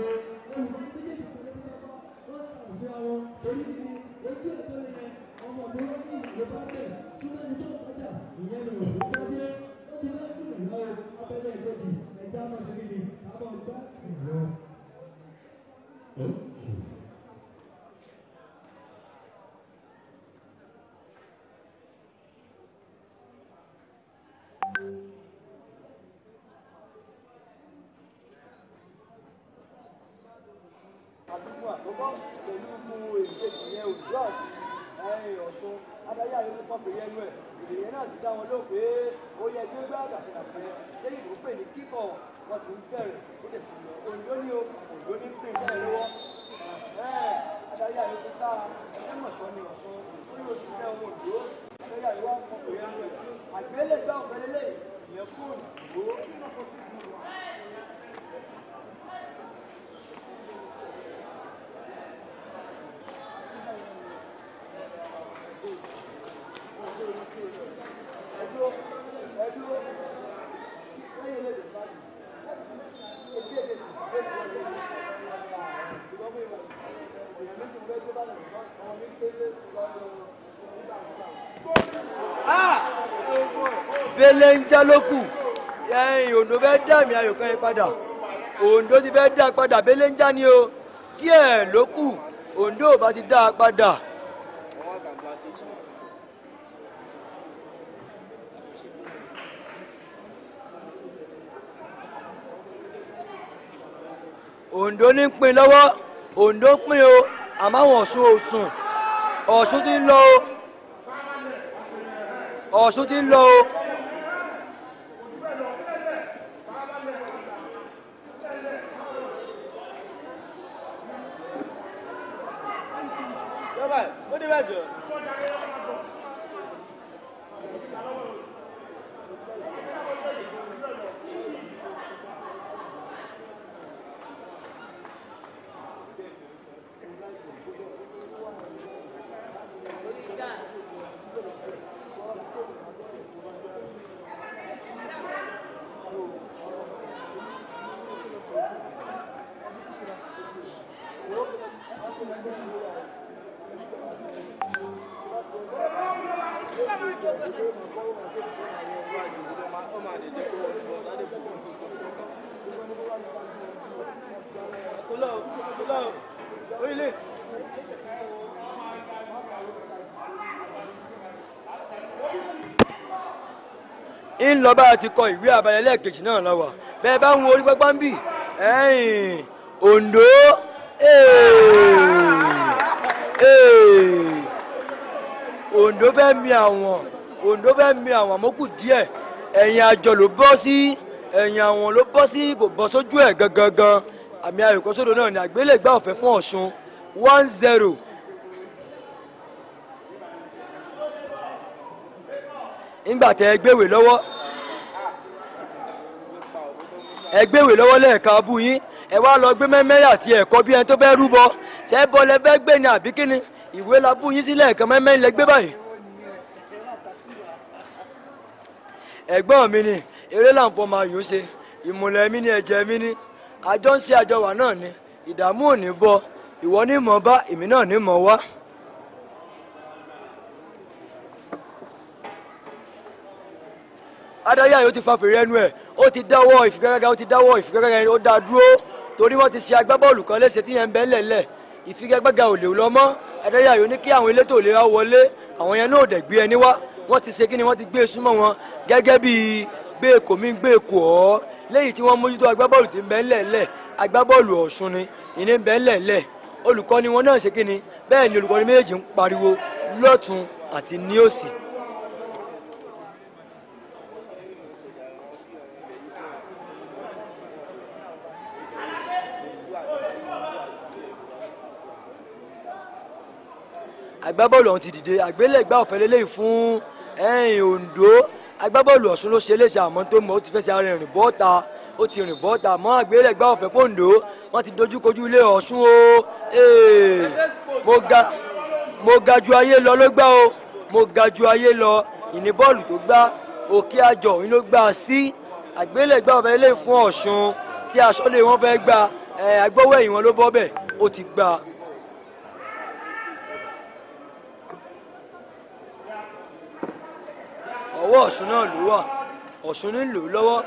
Speaker 3: olùkọ́ni méjèèjì kò lẹ́tí bá
Speaker 1: wọn ta òṣìṣẹ́ wọn torí nínú ojú ẹ̀tọ́ ni ọmọ mi wọ́n ní ìlú bá bẹ̀ súnmọ́ni tó ń kọjá ìyẹn ni òun bá dé ó ti bá kúrò lọ́wọ́ abẹ́lé ẹgbẹ́jì ẹ̀já máa ṣe níbi àbọ̀ bá tì lọ. kọ́ fèrè ẹnu ẹ̀ ìròyìn náà ti dá wọn lóò pé ó yẹ kí ó gbá àgàsìnà pé lẹ́yìn tó pè ní kíkọ̀ wọn ti ń bẹ̀rẹ̀ ó lè fi òyìnbó ní o òyìnbó ní fún ìṣẹ́ ìlọ́wọ́ adarí àyè ti dá ẹlẹ́mọ̀ṣọ́ ni ọ̀ṣun nínú ìṣẹ́ ọmọ òdòdó adarí àyè wá kọ́ fèrè ẹnu ẹ̀ àgbélé gbá ọ̀fẹ́
Speaker 3: lélẹ̀ ìyẹn kúrò ìgbó
Speaker 1: àmì ayò kan yẹn padà Ondo ti fẹ́ dá padà bẹ́lẹ̀ ń já ni o kí ẹ̀ ló kù Ondo ò bá ti dá padà. Ondo ní pín lọ́wọ́ Ondo pín o àmọ́ àwọn Ọ̀ṣun ò Ọ̀ṣun ti ń lọ o Ọ̀ṣun ti ń lọ o. 해야죠. lọ bá a ti kọ ìwé àbálẹ lẹ́ẹ̀kejì náà lọ bẹ́ẹ̀ bá ń wo orí pápá ń bì ẹ̀yìn Ondo eh, eh. Ondo fẹ́ mi àwọn Ondo fẹ́ mi àwọn àmọ́kù díẹ̀ ẹ̀yìn àjọ ló bọ́ sí ẹ̀yìn àwọn ló bọ́ sí kò bọ́ sójú ẹ̀ gangan gan àmì ayòkọ́sódò náà ní àgbélẹ̀gbá ọ̀fẹ́ fún Ọ̀ṣun one zero. ńgbà tẹ ẹ lọ́wọ́ ẹ gbéwè lọ́wọ́ lẹ́ẹ̀ka abú yín ẹ wá lọ gbé mẹ́mẹ́rẹ́ àti ẹ̀kọ́ bí ẹni tó fẹ́ rúbọ ṣe é bọ́ lẹ fẹ́ gbé ni àbí kíni ìwé la bú yín sílẹ̀ ẹ̀kan mẹ́mẹ́rin lẹ gbé báyìí. ẹ̀gbọ́n mi ni eré làǹfọ̀ máa yòó ṣe ìmùlẹ̀ mi ni ẹ̀jẹ̀ mi ni àjọ ń ṣe àjọwà náà ni ìdààmú ò ní bọ ìwọ ní mọ̀ bá èmi náà ní mọ̀ wá. adájọ́ yìí ó ti fa fèrè ẹnu ẹ̀ ó ti dáwọ́ ìfigagbága ó ti dáwọ́ ìfigagbága ó dá dúró torí wọ́n ti ṣe agbábọ́ọ̀lù kan léṣe tí yẹn ń bẹ́ ńlẹ̀lẹ̀ ìfigagbága ò lè lọ mọ́ adájọ́ yìí ó ní kí àwọn elétò ìlera wọlé àwọn yẹn náà dẹ̀ gbé ẹni wá wọ́n ti ṣe kí ni wọ́n ti gbé e súnmọ́ wọn gẹ́gẹ́ bíi gbé èkó e mi gbé èkó e ọ́ léyìí tí wọ́n mójútó agbábọ́ọ̀lù ti ń bẹ́ ńlẹ̀lẹ̀ agbábọ́ọ̀lù ni ìní ń bẹ́ olùkọ́ni wọn náà ṣe kí ni bẹ́ẹ̀ ni olùkọ́ni méjèèjì ń pariwo lọ́tún àti ní òsì agbábọ́ọ̀lù ọ̀hún ti dìde àgbélẹ̀gbá ọ̀fẹ́ lélẹ́yìí fún ẹ̀yìn eh, Ondo agbábọ́ọ̀lù Ọ̀ṣun ló ṣe léṣe àmọ́ tó mọ̀ ó ti fẹ́ ṣe ara rìn bọ́ta ó ti rìn bọ́ta mọ́ àgbélẹ̀gbá ọ̀fẹ́ fóńdó wọ́n ti dojúkojú ilé Ọ̀ṣun o eh, mo ga ju ayé lọ ló gbá o mo ga ju ayé lọ ìní bọ́ọ̀lù tó gbá òkè àjọ òun ló gbá sí àgbélẹ̀gbá ọ̀fẹ́ lélẹ́yìí ọwọ́ ọ̀ṣun náà ló wà ọ̀ṣun ní lọ́wọ́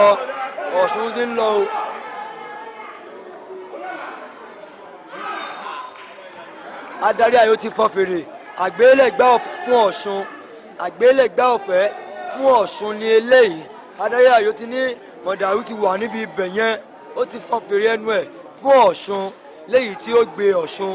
Speaker 1: og, og Suðin Ló adarí ayò ti fọn fèrè àgbélẹ̀gbá fún Ọ̀ṣun àgbélẹ̀gbá ọ̀fẹ́ fún Ọ̀ṣun ní eléyìí adarí ayò ti ní mọ̀dàrú ti wà níbi ibẹ̀ yẹn ó ti fọn fèrè ẹnu ẹ̀ fún Ọ̀ṣun léyìí tí ó gbé Ọ̀ṣun.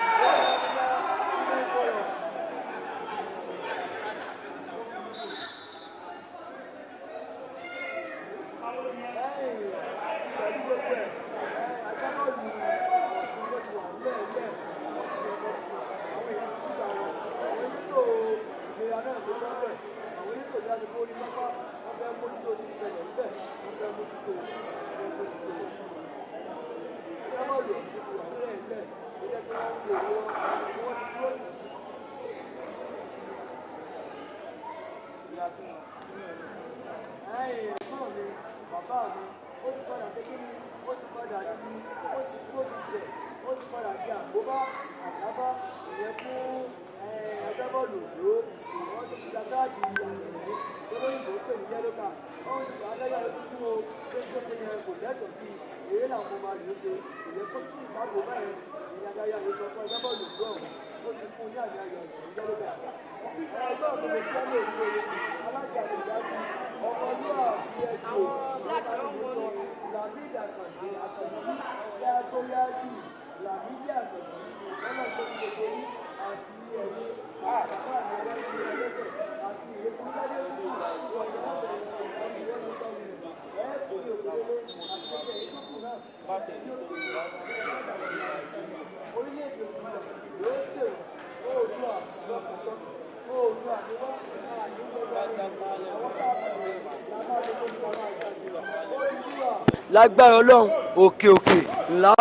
Speaker 1: lágbára ọlọ́run òkè òkè la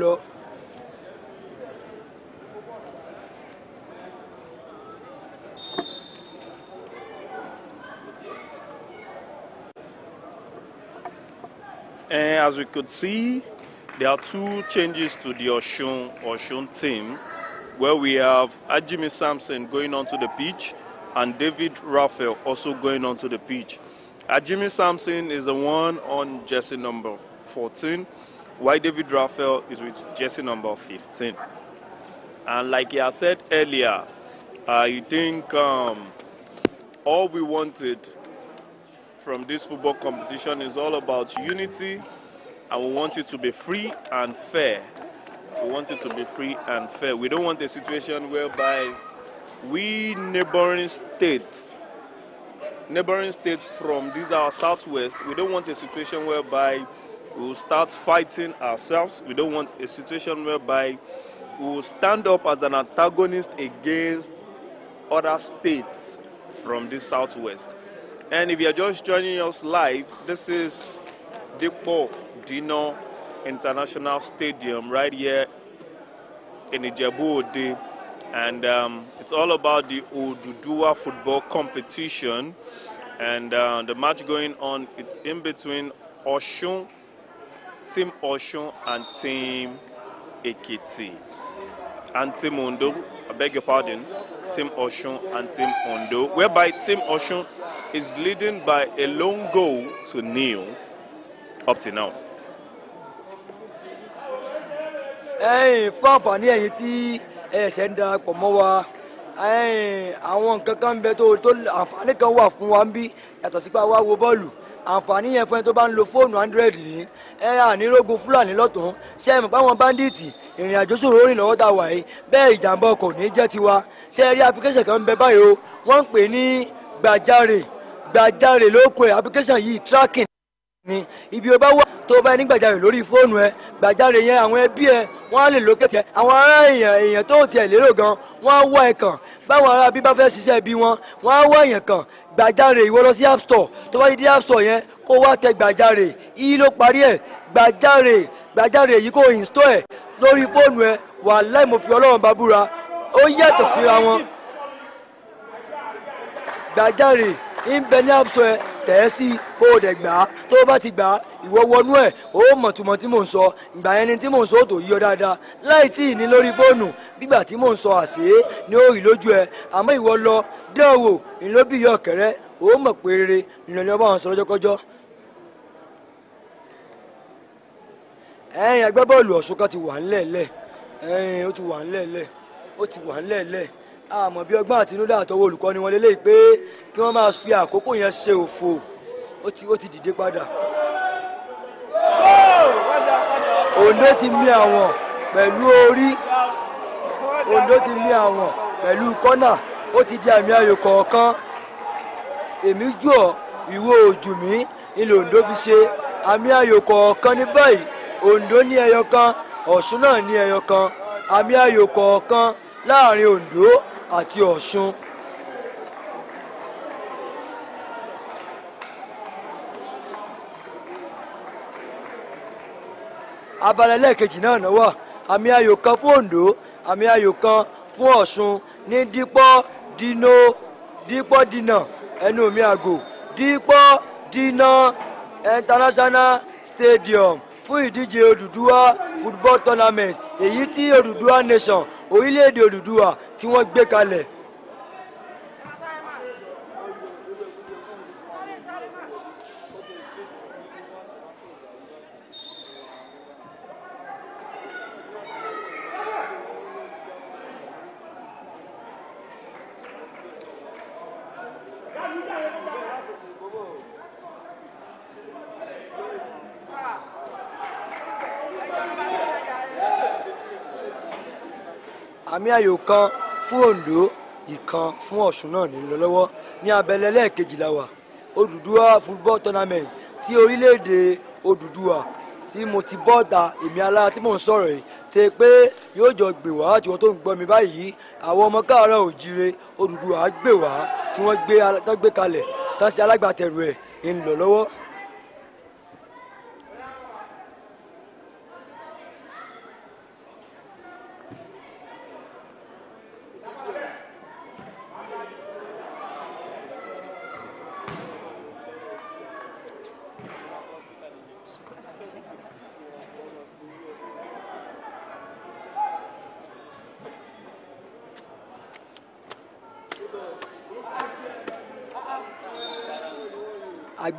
Speaker 1: lọ.
Speaker 2: And as we could see, there are two changes to the Oshun Oshun team, where we have Ajimi Sampson going onto the pitch and David Raphael also going onto the pitch. Uh, Jimmy Sampson is the one on jersey number 14, while David Raphael is with jersey number 15. And like I said earlier, I think um, all we wanted from this football competition is all about unity, and we want it to be free and fair. We want it to be free and fair. We don't want a situation whereby we neighboring states neighboring states from this our southwest. We don't want a situation whereby we will start fighting ourselves. We don't want a situation whereby we will stand up as an antagonist against other states from this southwest. And if you are just joining us live, this is Dipo Dino International Stadium right here in Ijebu Ode and um, it's all about the Oduduwa football competition. And uh, the match going on, it's in between Oshun, Team Oshun, and Team Ekiti. And Team Ondo, I beg your pardon, Team Oshun and Team Ondo, whereby Team Oshun is leading by a lone goal to nil up to now.
Speaker 1: Hey, fún àǹfààní ẹ̀yin tí ẹ̀ṣẹ̀ ń darapọ̀ mọ́ wa àwọn nǹkan kan ń bẹ tó tó àǹfààní kan wà fún wa ń bí yàtọ̀ sí pé àwa wo bọ́ọ̀lù àǹfààní yẹn fún ẹ tó bá ń lo fóònù android yìí ẹ ànírógun fúlàní lọ́tún ṣe é mọ̀ pé àwọn báńdíìtì ìrìn àjò ṣòro rìn lọ́wọ́ tá a wà yìí bẹ́ẹ̀ ìjàmbá ọkọ̀ ní jẹ́ tiwa ṣe é rí application kan bẹ báyìí o wọ́n ń pè ní gbàjáre gbàjáre lóko ẹ̀ application yìí tracking ni ibi o bá wà tó o bá ní gbàjarè lórí fóònù ẹ gbàjarè yẹn àwọn ẹbí ẹ wọn á lè lókè tiẹ àwọn ará èèyàn èèyàn tó tiẹ̀ lérò gan wọn á wá ẹ kàn báwọn ará bí bá fẹ́ ṣiṣẹ́ bí wọn wọn á wá èèyàn kàn gbàjarè ìwọ lọ sí app store tó bá ti dé app store yẹn kó wá tẹ gbàjarè yìí ló parí ẹ gbàjarè gbàjarè yìí kò install ẹ lórí fóònù ẹ wàláì mo fi Ọlọ́run bá búra ó yàtọ̀ síra wọn gbàjarè ń bẹ ní app store tẹ̀ sí kó o dẹ̀ gbà á tó o bá ti gbà á ìwọ wọnú ẹ̀ o mọ̀túmọ̀ tí mò ń sọ ìgbà yẹn ni tí mò ń sọ ó tó yí dáadáa láì tí ì ní lórí fóònù gbígbà tí mò ń sọ àṣé ni ó rí lójú ẹ àmọ́ ìwọ lọ dé òwò ìlóbì yọ ọ̀kẹ́rẹ́ o mọ̀ pé rere ìrìnlẹ̀ ọba àwọn sọ lọ́jọ́kọ́jọ́. ẹ̀yin agbábọ́ọ̀lù Ọ̀ṣun kan ti wà ńlẹ̀ẹ́lẹ̀ ẹ̀yin ó ti wà ńlẹ̀ẹ́lẹ̀ ó ti wà ńlẹ̀ẹ́lẹ̀ àmọ́ bí ọgbọ́n àtinúdá àtọwọ́ olùkọ́ni wọn lélẹ́yìí pé kí wọ́n máa fi àkókò yẹn ṣe òfò ó ti ó ti dìde padà. Ondo ti mì àwọn pẹ̀lú orí Ondo ti mì àwọn pẹ̀lú kọ́nà ó ti di àmì ayò kọ̀ọ̀kan èmi jù ọ́ ìwọ òjù mi ilẹ̀ Ondo fi ṣe àmì ayò kọ̀ọ̀kan ní báyìí Ondo ní ẹyọ kan Ọ̀ṣun náà ní ẹyọ kan àmì ayò kọ̀ọ̀kan láàrin Ondo àti ọ̀ṣun. abala ẹlẹ́ẹ̀kejì náà náà wà àmì ayò kan fún Oǹdó àmì ayò kan fún Ọ̀ṣun ní dípọ́ dino dípọ́ dina ẹnu omi àgò dípọ́ dina international stadium fún ìdíje Odùduwà football tournament èyí tí Odùduwà nation orílẹ̀-èdè Odùduwà tí wọ́n gbé kalẹ̀ àmì ayò kan fún Oǹdó ìkan fún Ọ̀ṣun náà nílò lọ́wọ́ ní abẹ́lé lẹ́ẹ̀kejìlá wa Odùduwà football tournament tí orílẹ̀-èdè Odùduwà tí mo ti bọ́ta èmi alá tí mò ń sọ̀rọ̀ yìí te pé yóò jọ gbè wá tí wọ́n tó ń gbọ́ mi báyìí àwọn ọmọ káàárọ̀ òjire Odùduwà gbè wá tí wọ́n gbé kalẹ̀ tá ṣe alágbàtẹ̀rù ẹ̀ ń lọ lọ́wọ́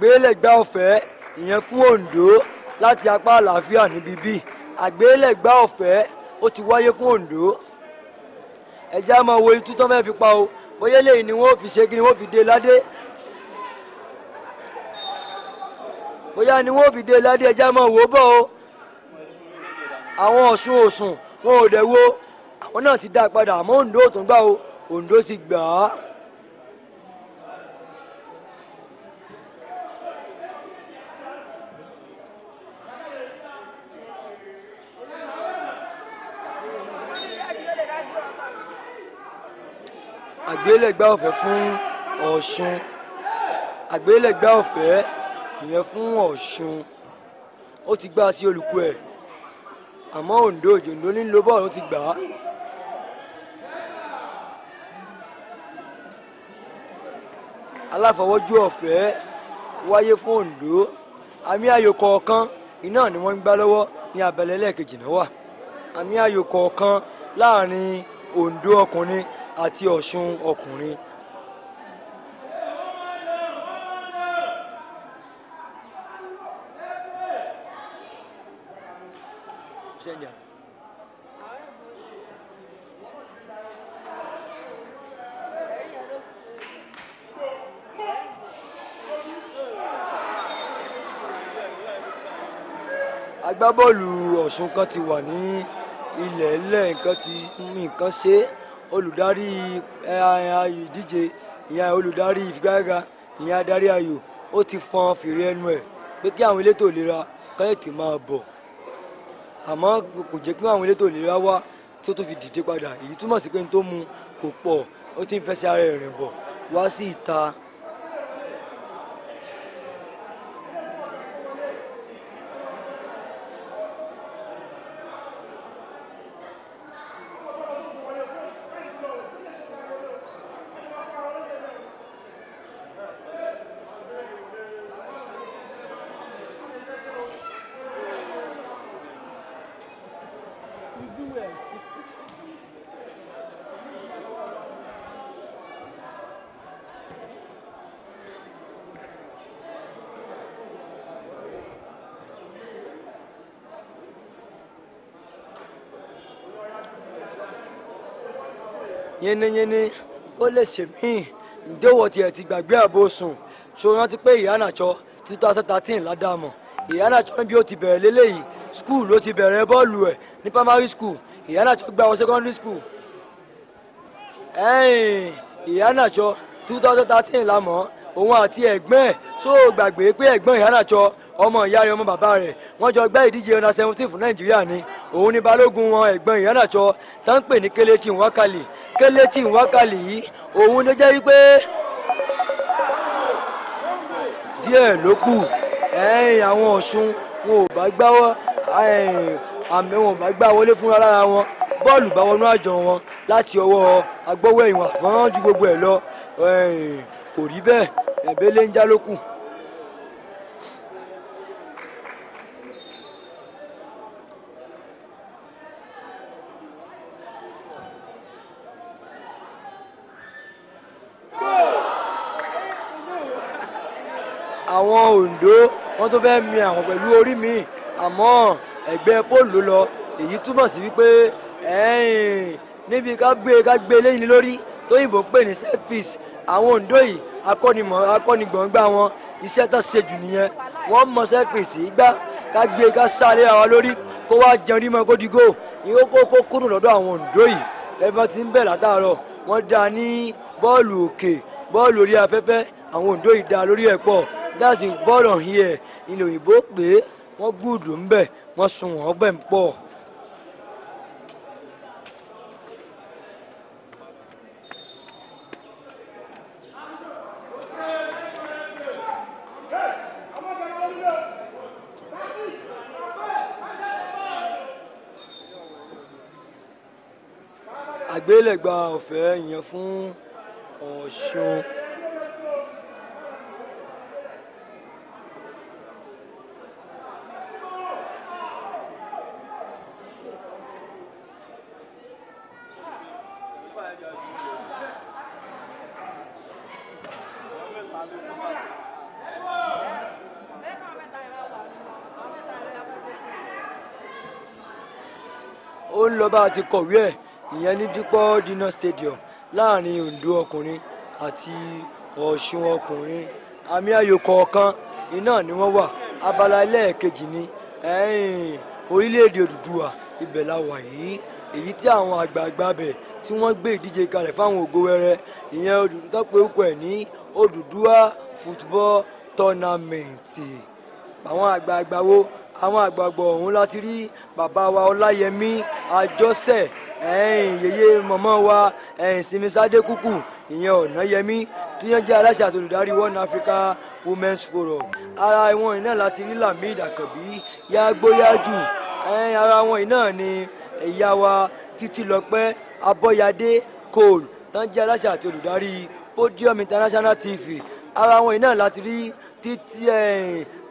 Speaker 1: àgbélẹ̀gbá ọ̀fẹ́ ìyẹn fún Oǹdó láti apá àlàáfíà níbí bí àgbélẹ̀gbá ọ̀fẹ́ ó ti wáyé fún Oǹdó ẹ̀jẹ̀ á máa wo itú tán fẹ́ẹ́ fi pa o bóyá lẹ́yìn ni wọ́n fi ṣe kí ni wọ́n fi dé ládé bóyá ni wọ́n fi dé ládé ẹ̀jẹ̀ á máa wò o àwọn Ọ̀ṣun Òṣùn wọn ò dẹ̀ wo àwọn náà ti dá padà àmọ́ Oǹdó ò tún gbà o Oǹdó ti gbà á. àgbélẹ̀gbá ọ̀fẹ́ fún Ọ̀ṣun àgbélẹ̀gbá ọ̀fẹ́ ìyẹn fún Ọ̀ṣun ó ti gbá sí olùkú ẹ̀ àmọ́ Ondo òjòǹdó nílò bọ́ọ̀lù ó ti gbà á. aláfọwọ́jú ọ̀fẹ́ wáyé fún Ondo àmì ayò kọ̀ọ̀kan iná ni wọ́n ń gbá lọ́wọ́ ní abẹ́lẹ́ lẹ́ẹ̀kejì náà wà àmì ayò kọ̀ọ̀kan láàrin Ondo ọkùnrin àti ọ̀ṣun ọkùnrin. agbábọ́ọ̀lù ọ̀ṣun kan ti wà ní ilẹ̀ ẹlẹ́ nǹkan ti nǹkan ṣe é olùdarí ayò ìdíje ìyẹn olùdarí ìfigagbága ìyẹn adarí ayò ó ti fọn fèrè ẹnu ẹ̀ pé kí àwọn elétò ìlera kẹ́lẹ́tì máa bọ̀ àmọ́ kò jẹ́ kí àwọn elétò ìlera wá tí ó fi dìde padà èyí túmọ̀ sí pé n tó mu kò pọ̀ ó ti ń fẹsẹ̀ ara ẹ̀ rìn bọ̀ wá sí ìta yínníyínní kó lè ṣe míì ǹdéwọ̀ tiẹ̀ ti gbàgbé àbò sùn ṣó rántí pé ìyánàjọ two thousand thirteen ládàmọ̀ ìyánàjọ níbi ó ti bẹ̀rẹ̀ lélẹ́yìí skul ló ti bẹ̀rẹ̀ bọ́ọ̀lù ẹ̀ ní primary school ìyánàjọ gba àwọn secondary school ẹ̀yìn ìyánàjọ two thousand thirteen lámọ̀ òun àti ẹ̀gbọ́n ẹ̀ ṣó gbàgbé pé ẹ̀gbọ́n ìyánàjọ ọmọ ìyá rẹ̀ ọmọ bàbá rẹ̀ wọ́n jọ gbẹ́ ìdíje ọ̀nà seventeen fún nàìjíríà ni òun ni balógun wọn ẹ̀gbọ́n ìyánàjọ tó ń pè ní kelechi nwakali kelechi nwakali yìí òun ló jẹ́ wípé díẹ̀ ló kù àwọn ọ̀ṣun wọn ò bá gbáwọ́ àmì wọn ò bá gbá wọlé fúnra lára wọn bọ́ọ̀lù bá wọnú àjọ wọn láti ọwọ́ agbọ́wọ́ ìwọ̀n àgbọ̀n ju gbogbo ẹ̀ lọ kò rí bẹ́ẹ̀ ẹ̀bẹ́lẹ́ ń já lókù. àwọn Ondo wọ́n tó fẹ́ mi àwọn pẹ̀lú orí mi àmọ́ ẹgbẹ́ pólù lọ èyí túmọ̀ sí wípé níbi ká gbé ká gbé eléyìí lórí tóyìnbó ń pè ní set piece àwọn Ondo yìí akọ́nimọ̀ akọ́nigbọ̀ngbà wọn iṣẹ́ tó ṣe jù nìyẹn wọ́n mọ set piece ìgbà ká gbé ká sáré àwọn lórí kó wá jẹun rímọ gódígò ìyó kó kó kúrò lọ́dọ̀ àwọn Ondo yìí ẹbọn ti ń bẹ̀ látàárọ̀ wọ́n dá ní bọ́ọ̀lù òkè bọ́ọ̀lù orí afẹ́fẹ́ àwọn Ondo yìí dá lórí ẹ̀ pọ̀ that's the ball on here ilẹ̀ òyìnbó pé wọ́n gùdù ń bẹ̀ wọ́n sun wọ́n bẹ̀ ń pọ̀. àgbélẹ̀gba ọ̀fẹ́ yẹn fún Ọ̀ṣun. bá a ti kọ̀wé ẹ̀ ìyẹn ní dípọ́ dínà stadium láàrin Ondo ọkùnrin àti Ọ̀ṣun ọkùnrin àmì ayò kọ̀ọ̀kan iná ni wọ́n wà abala ẹlẹ́ẹ̀kejì ni orílẹ̀-èdè Odùduwà ibẹ̀ la wà yìí èyí tí àwọn àgbààgbà bẹ̀ tí wọ́n gbé ìdíje kalẹ̀ fáwọn ògo wẹrẹ ìyẹn Odùduwà pé orúkọ ẹ̀ ní Odùduwà football tournament àwọn àgbààgbà wo àwọn àgbààgbà ọ̀hún láti rí bàbá wa ọláyẹmí àjọsẹ̀ yèyé mọ̀mọ́ wa simisadé kúkú ìyẹn ọ̀nàyẹmí tí yẹn jẹ́ aláṣẹ àtòlùdarí one africa women's forum ara wọn iná láti rí lamid àkànbí yàgbóyàjù ara wọn iná ni ìyá wa títílọpẹ́ abọ́yadé cole tán jẹ́ aláṣẹ àti olùdarí podium international tv ara wọn iná láti rí títí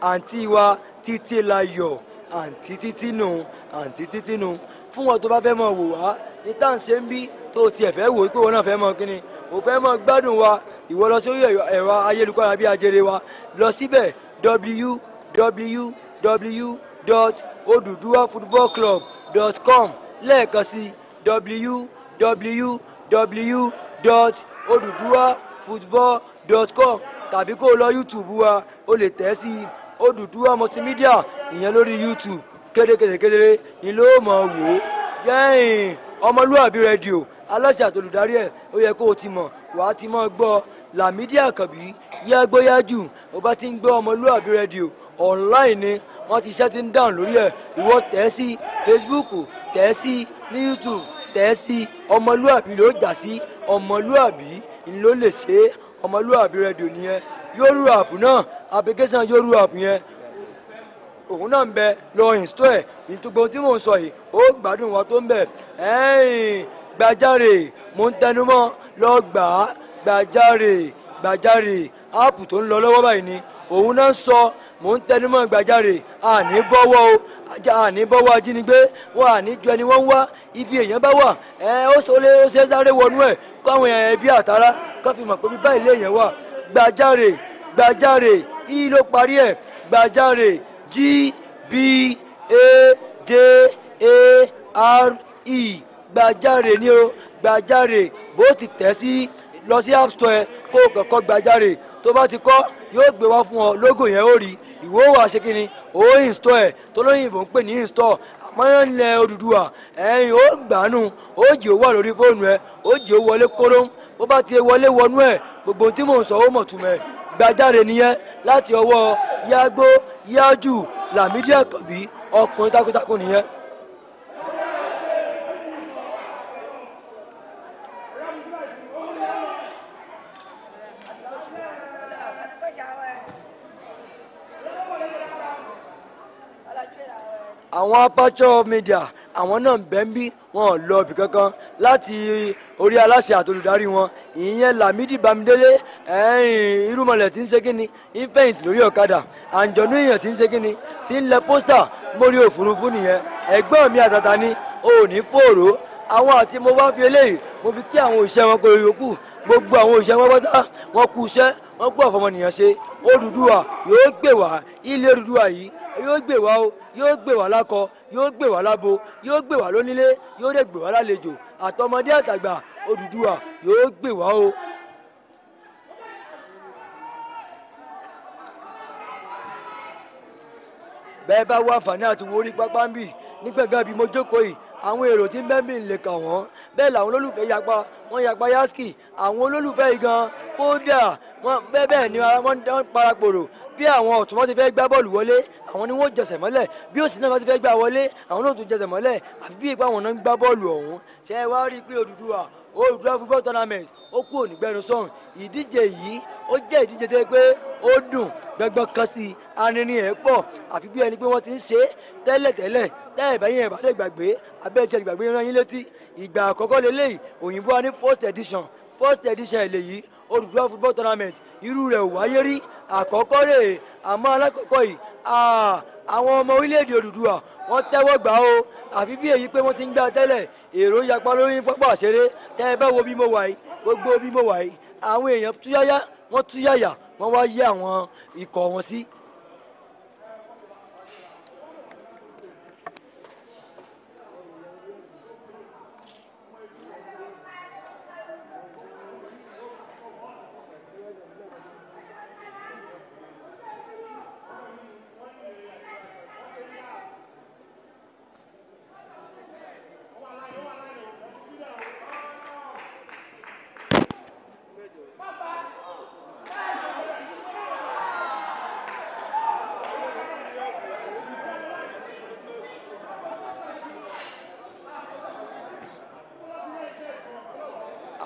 Speaker 1: àǹtí wa títílayọ̀ àǹtí títínú àǹtí títínú fún wọn tó bá fẹ́ mọ̀ wò wá ní tá à ń ṣe ń bí tó tiẹ̀ fẹ́ wò pé wọn náà fẹ́ mọ̀ kíni ò fẹ́ mọ̀ gbádùn wa ìwọ lọ sórí ẹ̀rọ ayélujára bí ajere wa lọ síbẹ̀ www.oduduwafootballclub.com lẹ́ẹ̀kan sí www.oduduwafootball.com tàbí kó o lọ YouTube wa o lè tẹ̀ sí i. Odùduwà multimedia ìyẹn lórí YouTube kédekéde kéderé ni ló mọ̀ wò ó yẹ́yìn ọmọlúwàbí rẹ́díò aláṣẹ àtolùdarí ẹ̀ ó yẹ kó o ti mọ̀ wàá ti mọ̀ gbọ́ Lámídì Àkànbí yágbóyájú ó bá ti ń gbọ́ ọmọlúwàbí rẹ́díò online ni wọ́n ti iṣẹ́ ti ń dáhùn lórí ẹ̀ ìwọ tẹ̀ sí Facebook tẹ̀ sí ní YouTube tẹ̀ sí ọmọlúwàbí ló jà sí ọmọlúwàbí ni ló lè ṣe ọmọlúwàbí rẹ́díò nìyẹn yóòrù app náà application yóòrù app yẹn òun náà ń bẹ lọ install ẹ̀ ìtúgbò tí mò ń sọ yìí ó gbádùn wọn tó ń bẹ ẹ̀ẹ́n gbàjáre mò ń tẹnumọ́ lọ gbà á gbàjáre gbàjáre app tó ń lọ lọ́wọ́ báyìí ni òun náà ń sọ mò ń tẹnumọ́ gbàjáre àní bọ́wọ́ o àní bọ́wọ́ ajínigbé wọn àní ju ẹni wọ́n ń wá ibi èèyàn bá wà ẹ ó ṣe é sáré wọnú ẹ̀ kọ́ àwọn ẹbí àtàrà kọ́ fi mọ̀ pé báyìí lé èèyàn wà gbàjáre gbàjáre i ló parí ẹ̀ gbàjáre g b a j a r e gbàjáre ni o gbàjáre bó ti tẹ̀ sí lọ sí app store kó o kọ́kọ́ gbàjáre tó bá ti kọ́ yóò gbé wá fún ọ lógo yẹn ó rí ìwé wà ṣe ni ó install ẹ̀ tó lóyìnbó ń pè ní install mọ́yán ilẹ̀ Odùduwà ẹ̀yìn ó gbàánu ó jì ó wà lórí fóònù ẹ ó jì ó wọlé kóró bó bá ti wọlé wọnú ẹ̀ gbogbo tí mò ń sọ ó mọ̀ túmẹ̀ gbajáre nìyẹn láti ọwọ́ yágbó yájú làmídìí àkànbí ọkùnrin takuntakun nìyẹn. àwọn apájọ media àwọn náà ń bẹ́ bí wọn ò lọ ibì kankan láti orí aláṣẹ àtolùdarí wọn ìyẹn Lámìdí Bámidélé ẹ̀yìn irúmọlẹ̀ tí ń ṣe kíni infẹ̀yìntì lórí ọ̀kadà àǹjọ̀nú èèyàn tí ń ṣe kíni tí ń lẹ pósítà mórí òfurufú nìyẹn ẹ̀gbọ́n mi àtàtà ni ò ní fòrò àwọn àti mo wá fi eléyìí mo fi kí àwọn òṣìṣẹ́ wọn kò yòókù gbogbo àwọn òṣìṣẹ́ wọn pátá wọn kú iṣẹ́ wọn kú àfọmọnìyàn ṣe wa yóò gbè wá ilé Odùduwà yìí yóò gbè wá o yóò gbè wá lákọ yóò gbè wá lábo yóò gbè wá lónílé yóò dẹ̀ gbè wá lálejò àtọmọdé àtàgbà Odùduwà yóò gbè wá o. bẹ́ẹ̀ bá wá àǹfààní àti wo orí pápá ń bì nígbàgbà bí mo jókòó yìí àwọn èrò tí mẹ́mí lè kà wọ́n bẹ́ẹ̀ làwọn olólùfẹ́ yapa wọ́n yapa yaski àwọn olólùfẹ́ yìí gan kódà wọ́n bẹ́ẹ̀ bẹ́ẹ̀ ni wọ́n parapòrò bí àwọn ọ̀tún wọn ti fẹ́ gbá bọ́ọ̀lù wọlé àwọn ni wọ́n jẹsẹ̀ mọ́lẹ̀ bí òsì náà wọn ti fẹ́ gbá wọlé àwọn náà tún jẹsẹ̀ mọ́lẹ̀ àfi bí ìpá àwọn náà ń gbá bọ́ọ̀lù ọ̀hún ṣe é wá rí i pé Odùduwà Odùduwà football tournament ó kú òní gbẹnu sọ̀rùn ìdíje yìí ó jẹ́ ìdíje tó yẹ pé ó dùn gbẹgbọn kan sí i anini ẹ̀ pọ̀ àfi bí ẹni pé wọ́n ti ń ṣe tẹ́lẹ̀tẹ́lẹ̀ tẹ́ẹ̀ bẹ́yìn ẹ̀ bá lè gbàgbé abẹ́ ti ẹ̀ gbàgbé rán yín létí ìgbà àkọ́kọ́ lélẹ́yìí òyìnbó wa ní first edition first edition eléyìí Odùduwà football tournament irú rẹ̀ ò wáyé rí àkọ́kọ́ rèé àmọ́ alákọ̀ọ́kọ́ yìí àwọn ọmọ orílẹ̀-èdè Odùduwà wọ́n tẹ́wọ́ gbà ó àfi bí èyí pé wọ́n ti ń gbà tẹ́lẹ̀ èrò yapa lórí pápá àṣeré tẹ́ ẹ bá wo bí mo wà yìí gbogbo bí mo wà yìí àwọn èèyàn túyáyá wọ́n túyáyà wọ́n wá yí àwọn ikọ̀ wọn sí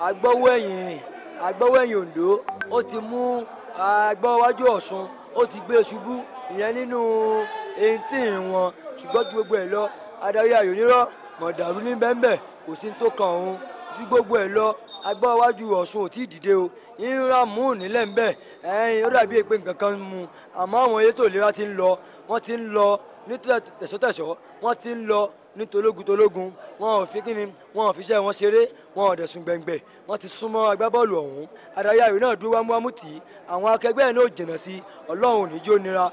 Speaker 1: agbọ́wọ́ ẹ̀yìn agbọ́wọ́ ẹ̀yìn Oǹdó ó ti mú agbọ́wọ́ wájú Ọ̀ṣun ó ti gbé ṣubú ìyẹn nínú eighteen wọn ṣùgbọ́n ju gbogbo ẹ̀ lọ adarí ayònírọ́ mọ̀dàrú ní bẹ́ńbẹ́ kò sí tó kàn òun ju gbogbo ẹ̀ lọ agbọ́wọ́ wájú ò tí ì dìde o ìrora mú nílẹ̀ ń bẹ̀ ẹ̀yìn ó dàbí èpè nǹkan kan mu àmọ́ àwọn elétò ìlera ti ń lọ wọ́n ti ń lọ ní tẹ̀sọ́tẹ̀sọ́ wọ́n ti ń lọ ní tológun tológun wọn ò fi kíni wọn ò fi iṣẹ́ wọn ṣeré wọn ò dẹ̀sùn gbẹ̀ngbẹ̀ wọn ti súnmọ́ agbábọ́ọ̀lù ọ̀hún adarí ayò náà dúró wámúwámú tì í àwọn akẹgbẹ́ náà jìnnà sí ọlọ́run níjó nira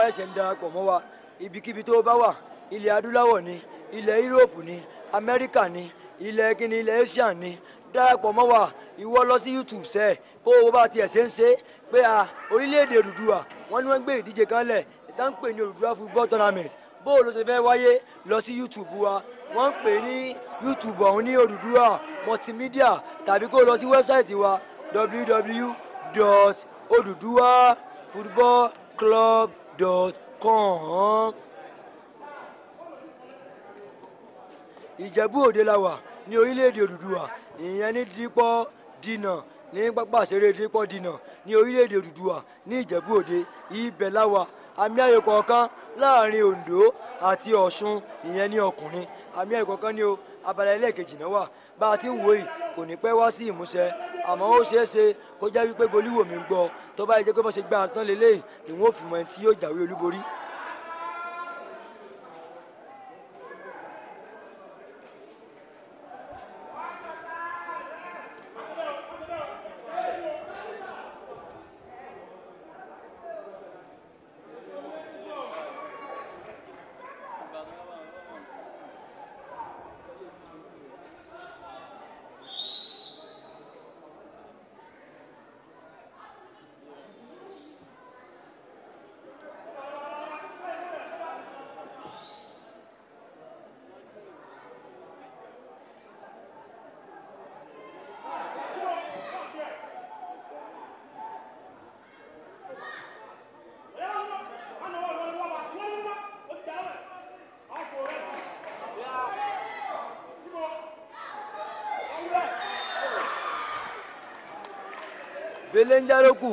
Speaker 1: wá ẹ̀ṣẹ̀ ń darapọ̀ mọ́ wa ibikíbi tó bá wà ilẹ̀ adúláwọ̀ ni ilẹ̀ yúróòpù ni amẹ́ríkà ni ilẹ̀ kíni ilẹ̀ asia ni darapọ̀ mọ́ wa ìwọ lọ sí youtube sẹ́ kó o bá tiẹ̀ ṣe ń ṣe pé a orílẹ̀-èdè Odùduwà wọ́n ní wọ́n gbé ìdíje kan lẹ̀ ìta ń pè ní Odùduwà football tournament bó o ló ṣe fẹ́ wáyé lọ sí youtube wa wọ́n ń pè ní youtube ọ̀hún ní Odùduwà multimedia tàbí kó o lọ sí wẹ́bsáìtì wa www.oduduwafootballclub dot com. ìjẹ̀bú òde la wà ní orílẹ̀-èdè Odùduwà ìyẹn ní dípọ́ dínà ní pápá ìṣeré dípọ́ dínà ní orílẹ̀-èdè Odùduwà ní ìjẹ̀bú òde ibẹ̀ la wà àmì ayò kọ̀ọ̀kan láàrin Oǹdó àti Ọ̀ṣun ìyẹn ní ọkùnrin àmì ayò kọ̀ọ̀kan ní o abala ẹlẹ́ẹ̀kejì náà wà bá a ti ń wòye kò ní pẹ́ wá sí ìmúṣẹ àmọ́ ó ṣeé ṣe kó jẹ́ wípé Golíwòmí ń gbọ́ tó bá yẹ jẹ́ pé wọ́n ṣe gbá àtọ́ lélẹ́yìn ni wọ́n fi mọ ẹni tí yóò jáwé olúborí eléńjàlókù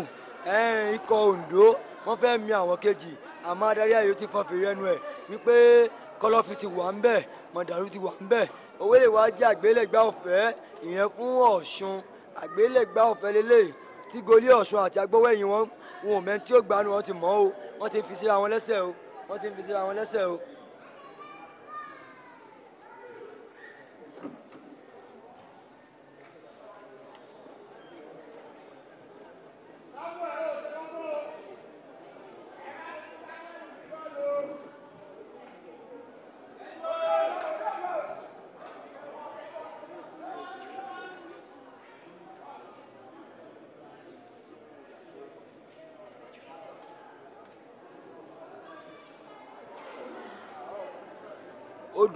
Speaker 1: ikọ̀ Ondo wọ́n fẹ́ mi àwọn kejì àmọ́ adarí ayò ti fọn fèrè ẹnu ẹ̀ wípé kọlọ́fì ti wà ń bẹ̀ mọ̀dàrú ti wà ń bẹ̀ òwélè wá jẹ́ àgbélẹ̀gbá ọ̀fẹ́ ìyẹn fún Ọ̀ṣun àgbélẹ̀gbá ọ̀fẹ́ lélẹ̀ tí goli Ọ̀ṣun àti agbówẹ̀yìn wọn wọn ò mẹ́ni tí ó gbanú wọn ti mọ́ o wọ́n ti fi síra wọn lẹ́sẹ̀ o wọ́n ti fi síra wọn lẹ́sẹ̀ o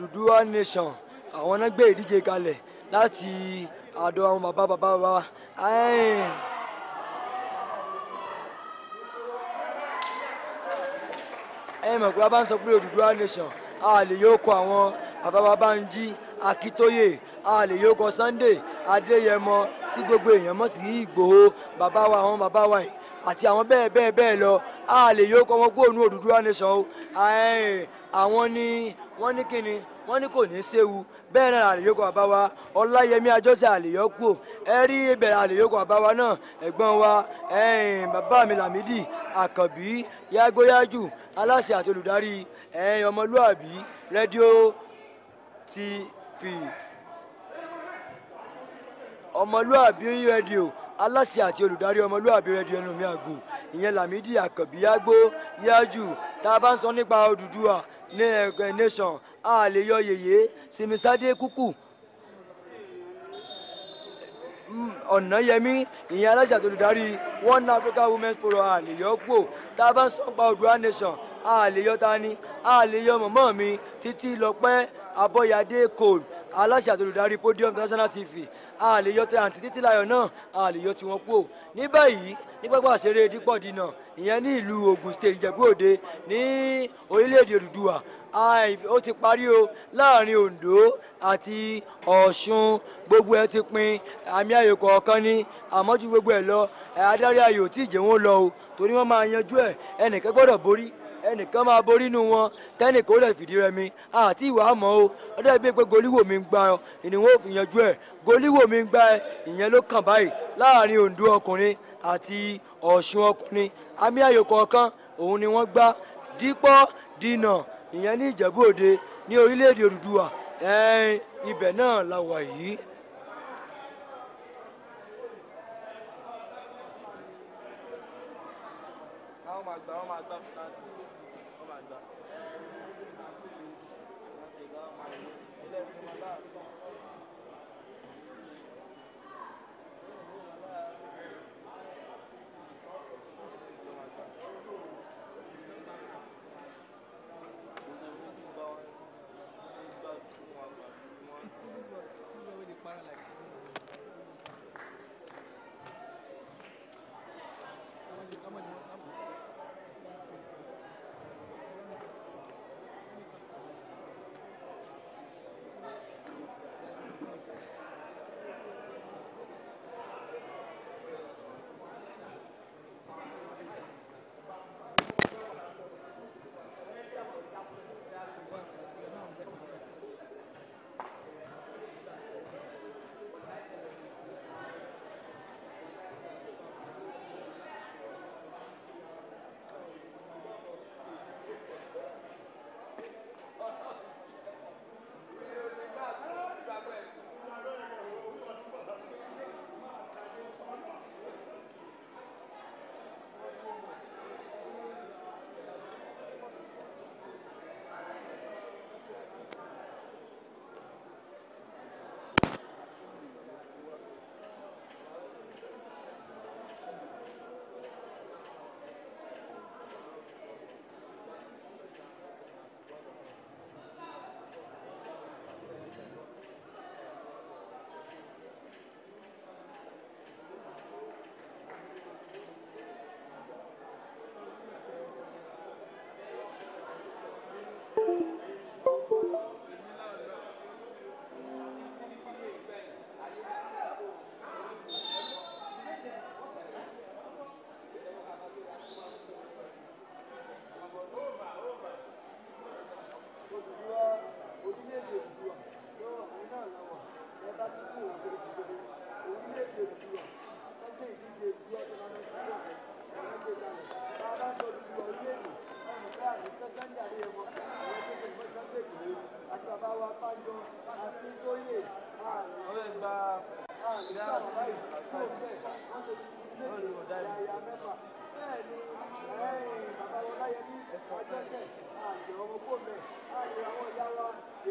Speaker 1: Odùduwà nation àwọn náà gbé ìdíje kalẹ̀ láti àdó àwọn bàbá bàbá wa. ẹ mọ̀ pé a bá ń sọ pé Odùduwà nation a lè yóò kọ àwọn bàbá Babánjí Akíntóyè a lè yóò kọ Sunday Adéyẹmọ tí gbogbo èèyàn mọ̀ sí Ìgbòho bàbá wa àwọn bàbá wa yìí àti àwọn bẹ́ẹ̀ bẹ́ẹ̀ bẹ́ẹ̀ lọ a lè yóò kọ wọn gbóòórùn Odùduwà nation o àwọn ni wọ́n ní kíni wọ́n ní kò ní í séwu bẹ́ẹ̀ náà àlèyókò bàbá ọláyẹmí àjọṣe àlèyókò ẹ rí ìbẹ̀rẹ̀ àlèyókò bàbá náà ẹ̀gbọ́n wa bàbá mi làmídì àkànbí yágóyájú aláṣẹ àti olùdarí ọmọlúàbí rẹ́díò TV ọmọlúàbí rẹ́díò aláṣẹ àti olùdarí ọmọlúàbí rẹ́díò ẹnu mi àgùn ìyẹn làmídì àkànbí yágbó tá a bá ń sọ nípa Odùduwà ní ẹgbẹ́ nation a lè yọ yèyé simisade kúkú hmm, ọ̀nàyẹmí ìyẹn alájà tó darí one africa women forum a lè yọ gbò tá a bá ń sọ́npa Oòduà nation a lè yọ tani a lè yọ mọ̀mọ́ mi títí lọ́pẹ́ abọ́yadé cole aláṣà tó darí podium international tv a lè yọ àǹtí títí láyọ̀ náà a lè yọ tiwọn kú ní báyìí ní pápá àṣeré dípọ̀ dínà ìyẹn ní ìlú Ògùn state Ìjẹ̀bú Òde ní orílẹ̀-èdè Odùduwà ó ti parí o láàrin Ondo àti Ọ̀ṣun gbogbo ẹ ti pin àmì ayò kọ̀ọ̀kan ni àmọ́ ju gbogbo ẹ lọ adarí ayò tí ìjẹ́ wọn lọ o torí wọ́n máa yanjú ẹ̀ ẹnìkan gbọ́dọ̀ borí ẹnìkan máa borí inú wọn tẹnìkan ó lè fìdí rẹmi àti ìwà àmọ́ o ọdẹ bíi pé goliwoo mi ń gba ọ ìníwó ìyanjú ẹ goliwoo mi ń gba ẹ ìyẹn ló kàn báyìí láàrin Ondo ọkùnrin àti Ọ̀ṣun ọkùnrin àmì ayò kọ̀ọ̀kan òun ni wọ́n gbá dípọ́ dínà ìyẹn ní Ìjẹ̀bú Òde ní orílẹ̀-èdè Odùduwà ibẹ̀ náà la wà yìí.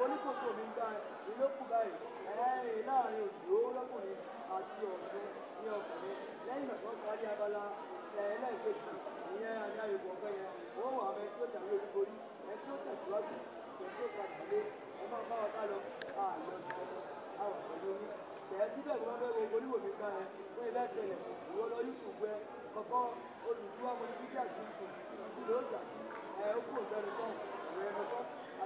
Speaker 1: oníkókó mi gba ìlókù báyìí ẹ̀ẹ́rìn láàrin òdìó lọ́kùnrin àti ọ̀ṣun ní ọkùnrin lẹ́yìn ìgbà tí abala ẹlẹ́ẹ̀kejì ìyẹn adáyọ̀ ọ̀gbẹ́ yẹn ó wà mẹ́ tí ó tàbí olúborí ẹ ó tẹ̀síwájú ẹ ó padà lé ẹ máa bá lọ àlọ́ àwọn pẹ̀lú omi tẹ̀ẹ́ síbẹ̀ ni wọ́n fẹ́ wo oníwò mi gba ẹ fún ilé ṣẹlẹ̀ ìwọ lọ yí ṣùgbọ́ kọ̀kọ́ olùdúwà mọ́ni fídíà sí ìtù ìdílé ó jà sí ó kúrò lẹ́nu tán ìwé ẹnu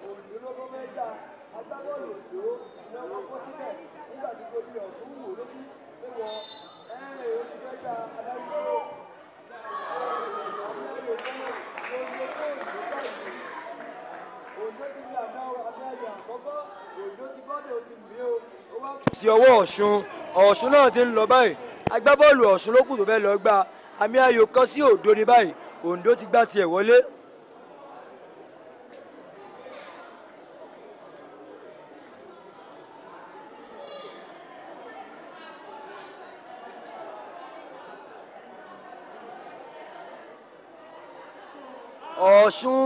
Speaker 1: òdìlógún ọwọ́ ọ̀ṣun ọ̀ṣun náà ti ń lọ báyìí agbábọ́ọ̀lù ọ̀ṣun ló kù tó fẹ́ lọ gba àmì ayò kan sí òdo ní báyìí òǹdó ti gbá tiẹ̀ wọlé ọ̀ṣun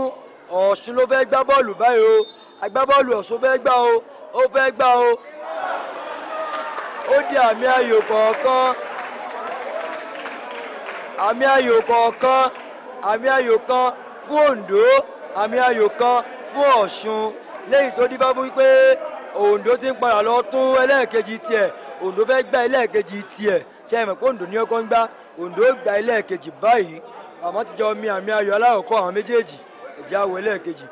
Speaker 1: ọ̀ṣun ló fẹ́ gbá bọ́ọ̀lù báyìí o agbábọ́ọ̀lù ọ̀ṣun fẹ́ gbá o ó fẹ́ gbá o ó di àmì ayò kọ̀ọ̀kan àmì ayò kọ̀ọ̀kan àmì ayò kan fún Oǹdó àmì ayò kan fún Ọ̀ṣun lẹ́yìn tó dífá fún wípé Oǹdó ti ń padà lọ tún ẹlẹ́ẹ̀kejì tiẹ̀ Oǹdó fẹ́ gbá ẹlẹ́ẹ̀kejì tiẹ̀ ṣe é mọ̀ pé Oǹdó ní ọkọ̀ ń gbá Oǹdó gba ẹlẹ́ẹ̀kejì báyìí àwọn ti jọ mi àmì ayọ̀ aláwọ̀kọ́ àwọn méjèèjì ẹ̀jẹ̀ àwọ̀ ẹlẹ́ẹ̀kejì.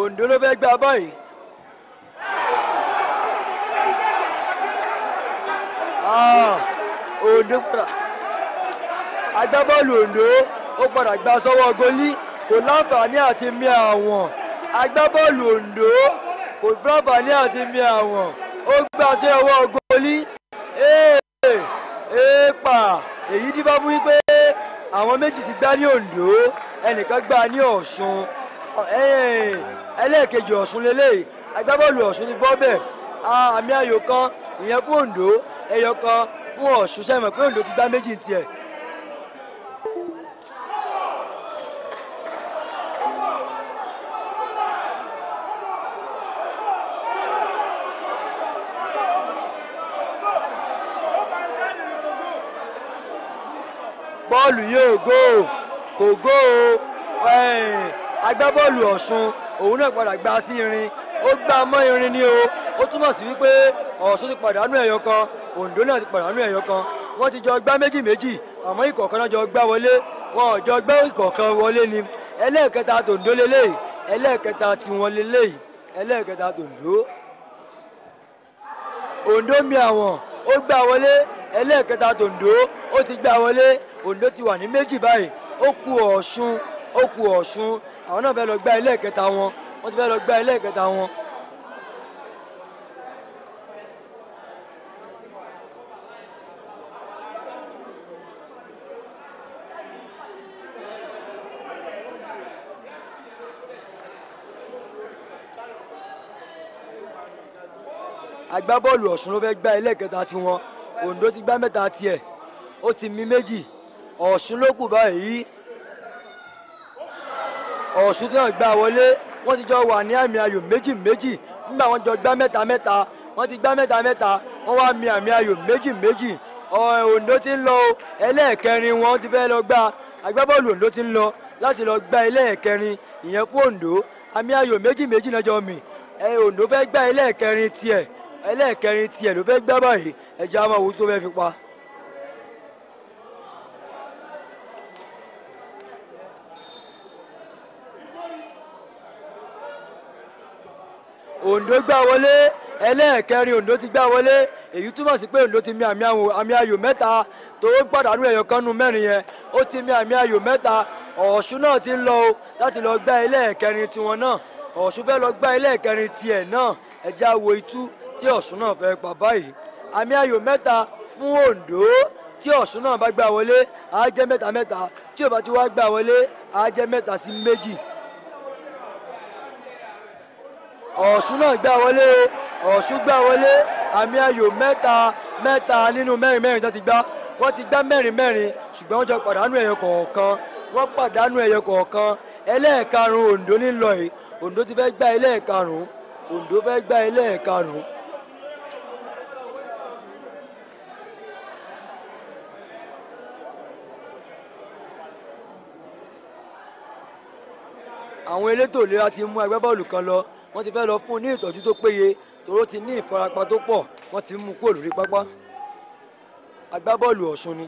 Speaker 1: Ondo ló fẹ́ gbà báyìí. Ah, Ondo padà agbábọ́ọ̀lù Ondo ó padà gbà sọ́wọ́ gólí kò láǹfààní àti mí àwọn agbábọ́ọ̀lù Ondo kò láǹfààní àti mí àwọn ó gbà sí ọwọ́ gólí èèpà èyí dífá fún wípé àwọn méjì ti gbá ní Ondo ẹnìkan gbá ní Ọ̀ṣun ẹlẹ́ẹ̀kejì Ọ̀ṣun lélẹ́yìí agbábọ́ọ̀lù Ọ̀ṣun ti bọ́ bẹ̀ ah, àmì ayò kan ìyẹn fún Ondo ẹyọ kan fún ọ̀ṣun sẹ́mi pé òǹdó ti gbá méjì tiẹ̀. bọ́ọ̀lù yóò gó kò gó o agbábọ́ọ̀lù ọ̀ṣun òun náà padà gba sí irin ó gbá mọ́ irin ni o ó túmọ̀ sí wípé ọ̀ṣun ti pàdánù ẹ̀yọ kan Ondo náà ti padà nínú ẹ̀yọ kan wọ́n ti jọ gbá méjì méjì àmọ́ ìkọ̀ọ̀kan náà jọ gbá wọlé wọn ò jọ gbá ìkọ̀ọ̀kan wọlé ni ẹlẹ́ẹ̀kẹta tòǹdó lélẹ́yìí ẹlẹ́ẹ̀kẹta tiwọn lélẹ́yìí ẹlẹ́ẹ̀kẹta tòǹdó Ondo mi àwọn ó gbá wọlé ẹlẹ́ẹ̀kẹta tòǹdó ó ti gbá wọlé Ondo ti wà ní méjì báyìí ó kù Ọ̀ṣun ó kù Ọ̀ṣun àwọn náà fẹ́ lọ gbá ẹlẹ́ẹ̀kẹta wọn wọ́n ti fẹ́ lọ gbá ẹlẹ́ẹ̀kẹta wọn agbábọ́ọ̀lù ọ̀ṣun ló fẹ́ gbá ẹlẹ́ẹ̀kẹta tiwọn ondo ti gbá mẹ́ta tiẹ̀ ó ti mí méjì ọ̀ṣun ló kù báyìí ọ̀ṣun tí wọ́n gbá wọlé wọ́n ti jọ wà ní àmì ayò méjì méjì nígbà wọ́n jọ gbá mẹ́ta mẹ́ta wọ́n ti gbá mẹ́ta mẹ́ta wọ́n wá mi àmì ayò méjì méjì ondo ti ń lọ ẹlẹ́ẹ̀kẹrin wọn ti fẹ́ lọ gbá agbábọ́ọ̀lù ondo ti ń lọ láti lọ gbá ẹlẹ́ẹ̀kẹrin ìyẹn fún ondo àmì ayò méjì méjì náà jọ mì ondo fẹ́ gbá ẹlẹ́ẹ̀kẹrin tiẹ̀ ẹlẹ́ẹ̀kẹrin tiẹ̀ ló fẹ́ gbá báyìí ẹja máa wo tó fẹ́ fi pa. Ondo gbá wọlé ẹlẹ́ẹ̀kẹrin Ondo ti gbá wọlé èyí túmọ̀ sí pé Ondo ti mi àmì àwọn àmì ayò mẹ́ta tó pàdánù ẹ̀yọ̀ kan nu mẹ́rin yẹn ó ti mi àmì ayò mẹ́ta Ọ̀ṣun náà ti ń lọ o láti lọ gbá ẹlẹ́ẹ̀kẹrin tiwọn náà Ọ̀ṣun fẹ́ lọ gbá ẹlẹ́ẹ̀kẹrin tiẹ̀ náà ẹ̀já wo itú tí Ọ̀ṣun náà fẹ́ pa báyìí àmì ayò mẹ́ta fún Oǹdó tí Ọ̀ṣun náà bá gbà wọlé á jẹ́ mẹ́ta mẹ́ta tí ò bá ti wá gbà wọlé á jẹ́ mẹ́ta sí méjì. Ọ̀ṣun náà gbà wọlé Ọ̀ṣun gbà wọlé àmì ayò mẹ́ta mẹ́ta nínú mẹ́rin mẹ́rin tó ti gbá wọ́n ti gbá mẹ́rin mẹ́rin ṣùgbọ́n wọ́n jọ pàdánù ẹ̀yọ kọ̀ọ̀kan wọ́n pàdánù ẹ̀yọ kọ̀ọ̀kan ẹlẹ́ẹ̀karùn-ún Oǹdó nílọ yìí Oǹdó ti fẹ́ gbá ẹlẹ́ẹ̀karùn-ún Oǹdó fẹ́ gbá ẹlẹ́ẹ̀karùn-ún àwọn elétò ìlera ti mú agbábọ́ọ̀lù kan lọ wọ́n ti fẹ́ lọ fún un ní ìtọ́jú tó péye tòró ti ní ìfarapa tó pọ̀ wọ́n ti mú kúrò lórí pápá agbábọ́ọ̀lù ọ̀ṣun ni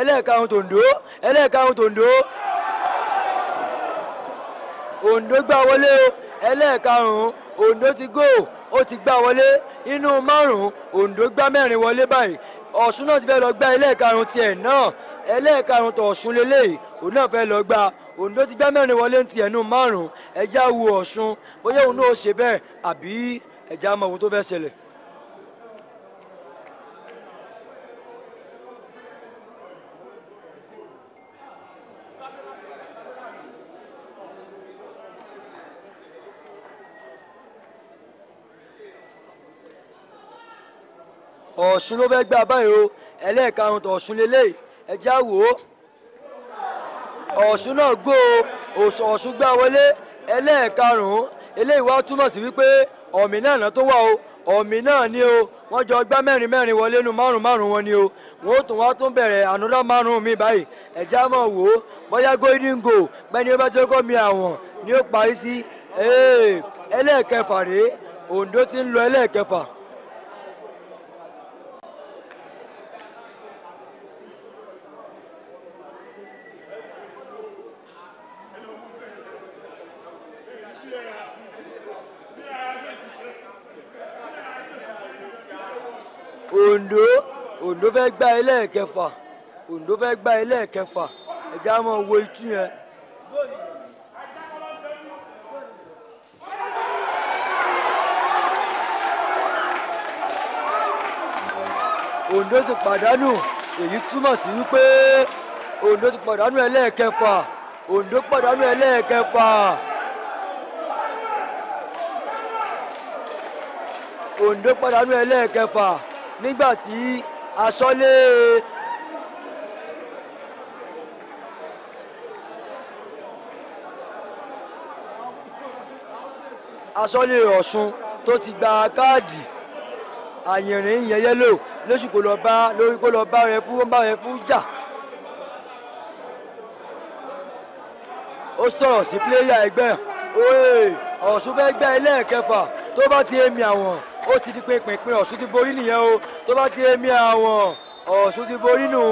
Speaker 1: ẹlẹ́ẹ̀karùn tòǹdó ẹlẹ́ẹ̀karùn tòǹdó òǹdó gbá wọlé o ẹlẹ́ẹ̀karùn òǹdó ti gò ó ti gbá wọlé inú márùn òǹdó gbá mẹ́rin wọlé báyìí ọ̀ṣun náà ti fẹ́ lọ gbá ẹlẹ́ẹ̀karùn tiẹ̀ náà ẹlẹ́ẹ̀karùn tọ̀ṣun lélẹ́yìí òun náà fẹ́ lọ gbá Ondo ti gbá mẹ́rin wọlé ní tiẹ̀ nù márùn-ún ẹ̀já wo Ọ̀ṣun bóyá òun náà ṣe bẹ́ẹ̀ àbí ẹ̀já mọ ohun tó fẹ́ ṣẹlẹ̀. Ọ̀ṣun ló fẹ́ gbà báyìí o ẹlẹ́ẹ̀karùn-ún tó Ọ̀ṣun lélẹ́yìí ẹ̀já wò ó ọ̀ṣun náà gò ọ̀ṣun gbá wọlé ẹlẹ́ẹ̀karùn-ún eléyìí wá túmọ̀ sí wípé ọ̀mì náà náà tó wà o ọ̀mì náà ni o wọ́n jọ gbá mẹ́rin mẹ́rin wọlé nu márùn márùn wọn ni o wọ́n ó tún wá tún bẹ̀rẹ̀ ànúdá márùn mi báyìí ẹ̀já mọ̀ wò ó bóyá golden goal gbẹ́ni ó bá tó kọ́ mi àwọn ni ó parí sí ẹlẹ́ẹ̀kẹfà rèé Ondo ti ń lọ ẹlẹ́ẹ̀kẹfà Ondo Ondo fẹ́ gbá ẹlẹ́ẹ̀kẹfà Ondo fẹ́ gbá ẹlẹ́ẹ̀kẹfà ẹ̀já máa wo itú yẹn. Ondo ti pàdánù èyí túmọ̀ sí wípé Ondo ti pàdánù ẹlẹ́ẹ̀kẹfà Ondo pàdánù ẹlẹ́ẹ̀kẹfà. Ondo pàdánù ẹlẹ́ẹ̀kẹfà nígbà tí aṣọ́lé aṣọ́lé ọ̀ṣun tó ti gba káàdì àyìnrín yẹn yẹ́lò lóṣù kó lọ bá lórí kó lọ bá rẹ fún ó bá rẹ fún jà ó sọ̀rọ̀ sí pléyà ẹgbẹ́ òye ọ̀ṣun fẹ́ gbá ẹlẹ́ẹ̀kẹfà tó bá ti èmi àwọn ó ti di pé pínpín Ọ̀ṣun ti borí nìyẹn o tó bá ti èmi àwọn Ọ̀ṣun ti borí nù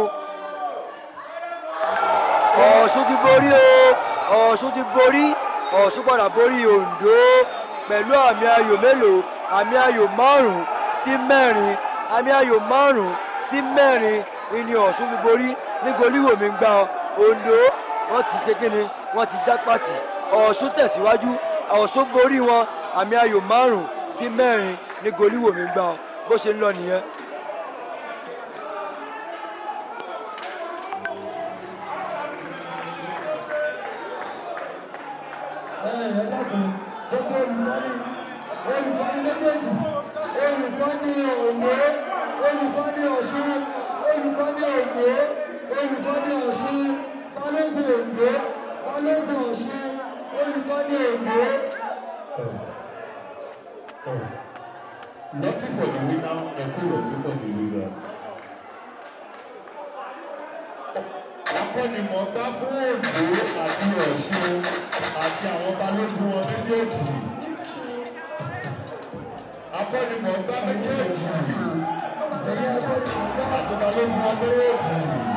Speaker 1: Ọ̀ṣun ti borí o Ọ̀ṣun ti borí Ọ̀ṣun padà borí Oǹdó pẹ̀lú àmì ayò mélòó àmì ayò márùn-ún sí mẹ́rin àmì ayò márùn-ún sí mẹ́rin ìní Ọ̀ṣun fi borí ní goríwò mi gbà Oǹdó wọ́n ti ṣe kíni wọ́n ti já pàtì Ọ̀ṣun tẹ̀síwájú Ọ̀ṣun borí wọn àmì ayò márùn-ún sí mẹ́rin ní goríwò mi gbà ọ bó ṣe ń lọ nìyẹn.
Speaker 3: Thank you. ẹkúrò púpọ̀ nìyíza. akọ́nimọ̀ọ́gbá fún a àti Ọ̀ṣun àti àwọn balógun wọn méjèèjì. akọ́nimọ̀ọ́gbá méjèèjì. èyí akọ́nimọ̀ọ́gbá àti balógun wọn méjèèjì.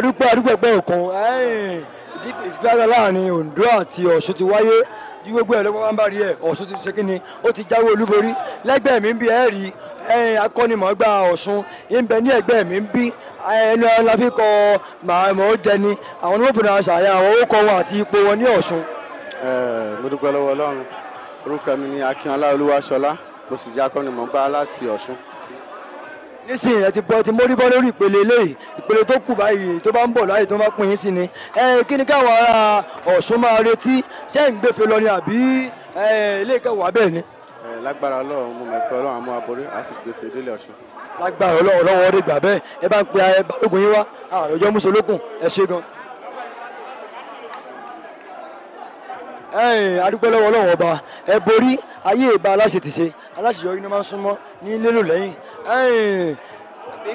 Speaker 3: adúpẹ́ adúpẹ́ ẹgbẹ́ òkun
Speaker 1: ìfipáyà láàrin Ondo àti Ọ̀ṣun ti wáyé ju gbogbo ẹ̀ lọ́gbọ́n bá rí ẹ̀ Ọ̀ṣun ti ṣe kíni ó ti jáwé olúborí lẹ́gbẹ̀ẹ́ mi ń bí ẹ̀ rí akọ́nimọ̀ọ́gbà Ọ̀ṣun ń bẹ ní ẹ̀gbẹ́ mi ń bí ẹnu ẹ̀ la fi kọ màmá ó jẹni àwọn onímọ̀fìnà àṣàyàn àwọn ó kọ wọn àti ipò wọn ní Ọ̀ṣun.
Speaker 2: ẹ mo dúpẹ́ lọ́wọ́ Ọlọ́run orúkọ mi ni Akínọlá Olúwaṣọlá mo sì jẹ́ akọ́nimọ̀ọ́gbà láti Ọ̀ṣun
Speaker 1: nísìnyí ẹ ti bọ́ ti mórí bọ́ lórí ìpele eléyìí ìpele tó kù báyìí tó bá ń bọ̀ láyé tó bá pín in sí ni ẹ kí ni káwọn ará Ọ̀ṣun máa retí ṣé ń gbèfè lọ ni àbí ilé ìkẹwàá bẹ́ẹ̀ ni. lágbára Ọlọ́run mo mọ̀ pé Ọlọ́run àmọ́ aborí á sì gbèfè délé Ọ̀ṣun. lágbára Ọlọ́run lọ́wọ́ ọdẹ gbà bẹ́ẹ̀ ẹ bá ń pe ayẹ balógun yín wá àròjọ mùsùlùkùn ẹ ṣe gan. adúgbò lọ́wọ́ Ọlọ́run ọba ẹ borí ayé ìbá aláṣetìṣe aláṣeyọrí ni máa ń súnmọ́ ní lérò lẹ́yìn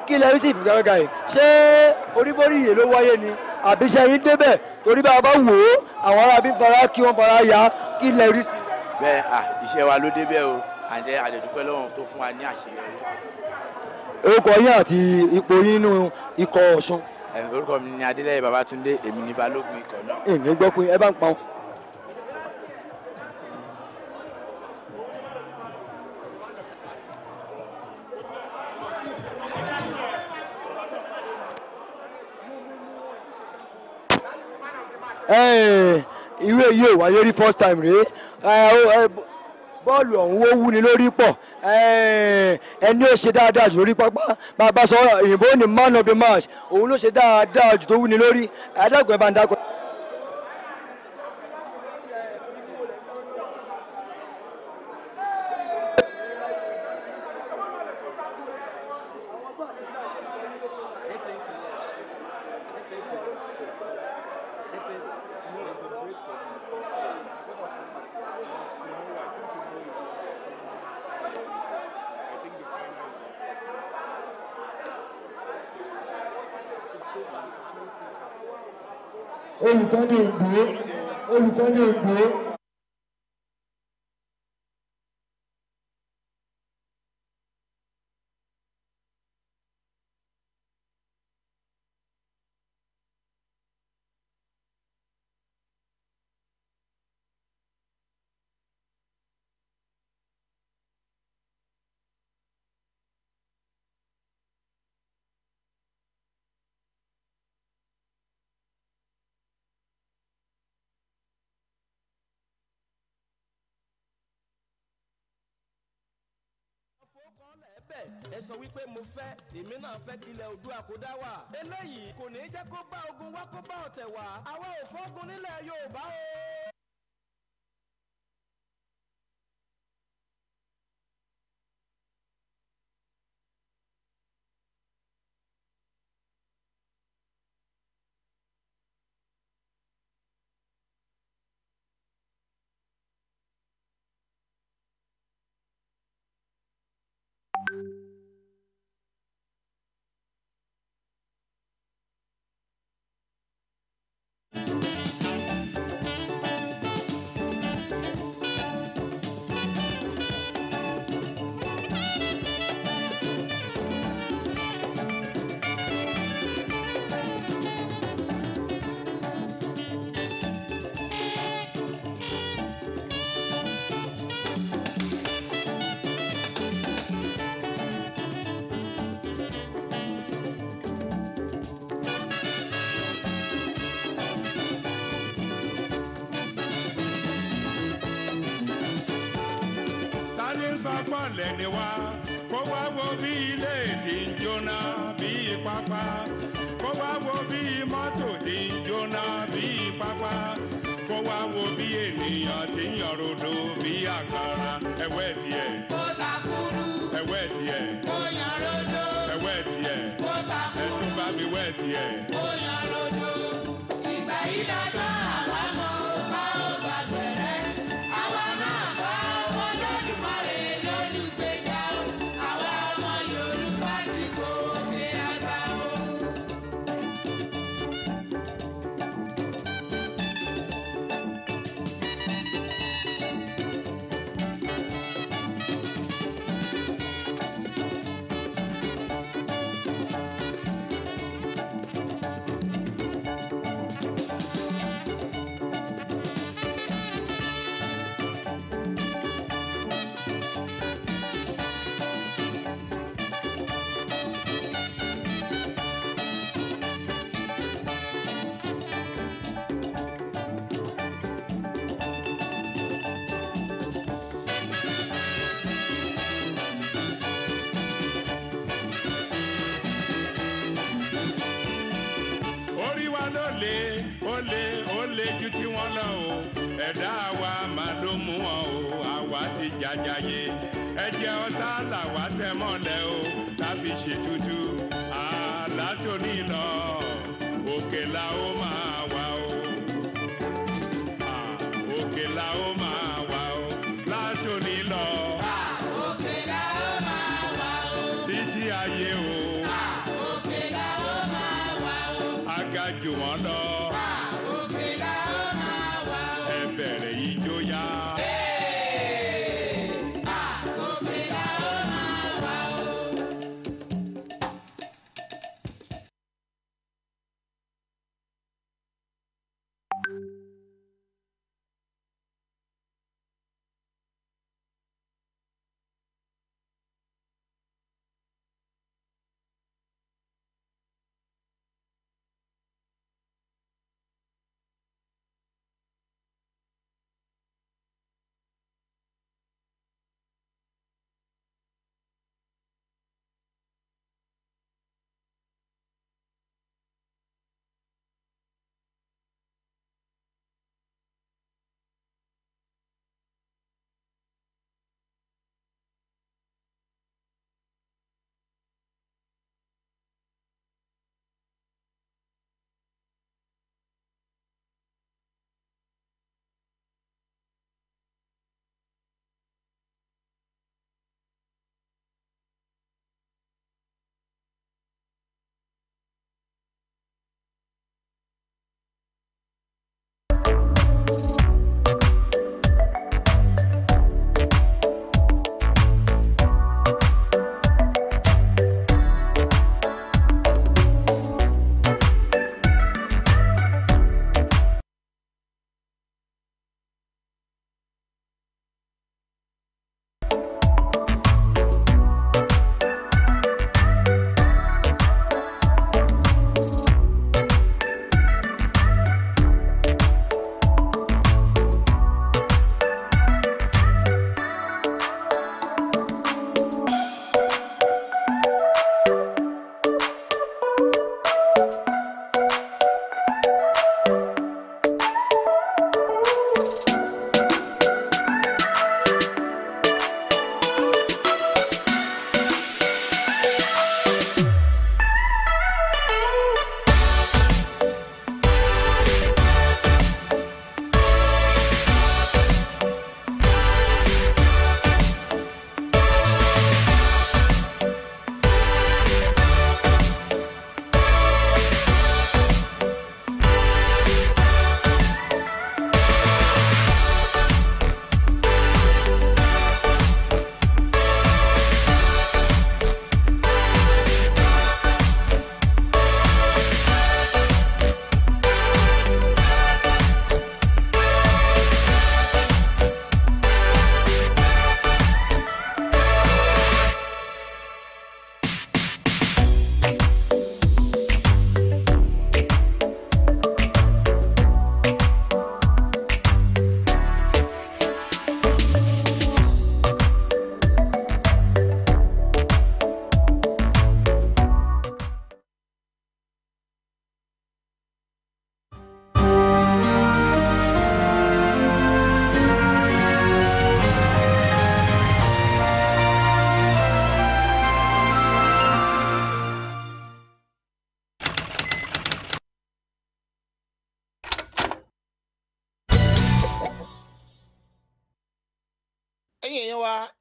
Speaker 1: kí lẹ́yìn sì fìgbà ọ̀gá yìí ṣé oríborí yìí ló wáyé ni àbí ṣe yín débẹ̀ torí bá a bá wò ó àwọn ará bí fara kí wọ́n fara ya kí lẹ́yìn sí. bẹ́ẹ̀ à iṣẹ́ wa ló débẹ̀ o àjẹ́ àjẹ̀dúpẹ́ lọ́wọ́n tó fún wa ní àṣeyọrí. orúkọ yín àti ipò yín nínú ikọ̀ Ọ̀ṣun. orúkọ mi ni Adélẹ́yẹ Babátúndé èmi ni balógun ikọ̀ náà. ìní gbọ́kùn ẹ bá ń pa wọn. irú èyí ò wáyé rí first time rèé bọ́ọ̀lù ọ̀hún ó wúni lórí pọ̀ ẹni ó ṣe dáadáa jù lórí pápá bàbá sọ òyìnbó ni man of the match òun ló ṣe dáadáa jù tó wúni lórí adágún ẹ̀ bá ń dákọ̀.
Speaker 3: olùkọ́ni Oǹdó olùkọ́ni Oǹdó.
Speaker 2: sílẹ̀ ẹ sọ wípé mo
Speaker 1: fẹ́ èmi náà fẹ́ ilẹ̀ Oòduà kó dá wà eléyìí kò ní jẹ́ kó bá ogun wá kó bá ọ̀tẹ̀ wá àwa ò fọ́gun nílẹ̀ Yorùbá o.
Speaker 2: náà wa wá kó wá wo bí ilé ti ń jóná bí pápá kó wá wo bí mọ́tò ti ń jóná bí pápá kó wá wo bí ènìyàn ti ń yọ̀rọ̀dọ̀ bí
Speaker 3: àkàrà ẹ̀wẹ́ tiẹ̀. kó ta kúrú. ẹ̀wẹ́ tiẹ̀. kó yọ̀rọ̀dọ̀. ẹ̀wẹ́ tiẹ̀. kó ta kúrú. ẹ tiẹ̀.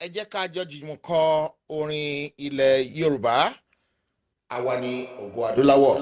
Speaker 2: ẹ jẹ́ ká jọ jùmọ̀ kọ orin ilẹ̀ yorùbá àwa ni ògo adúláwọ̀.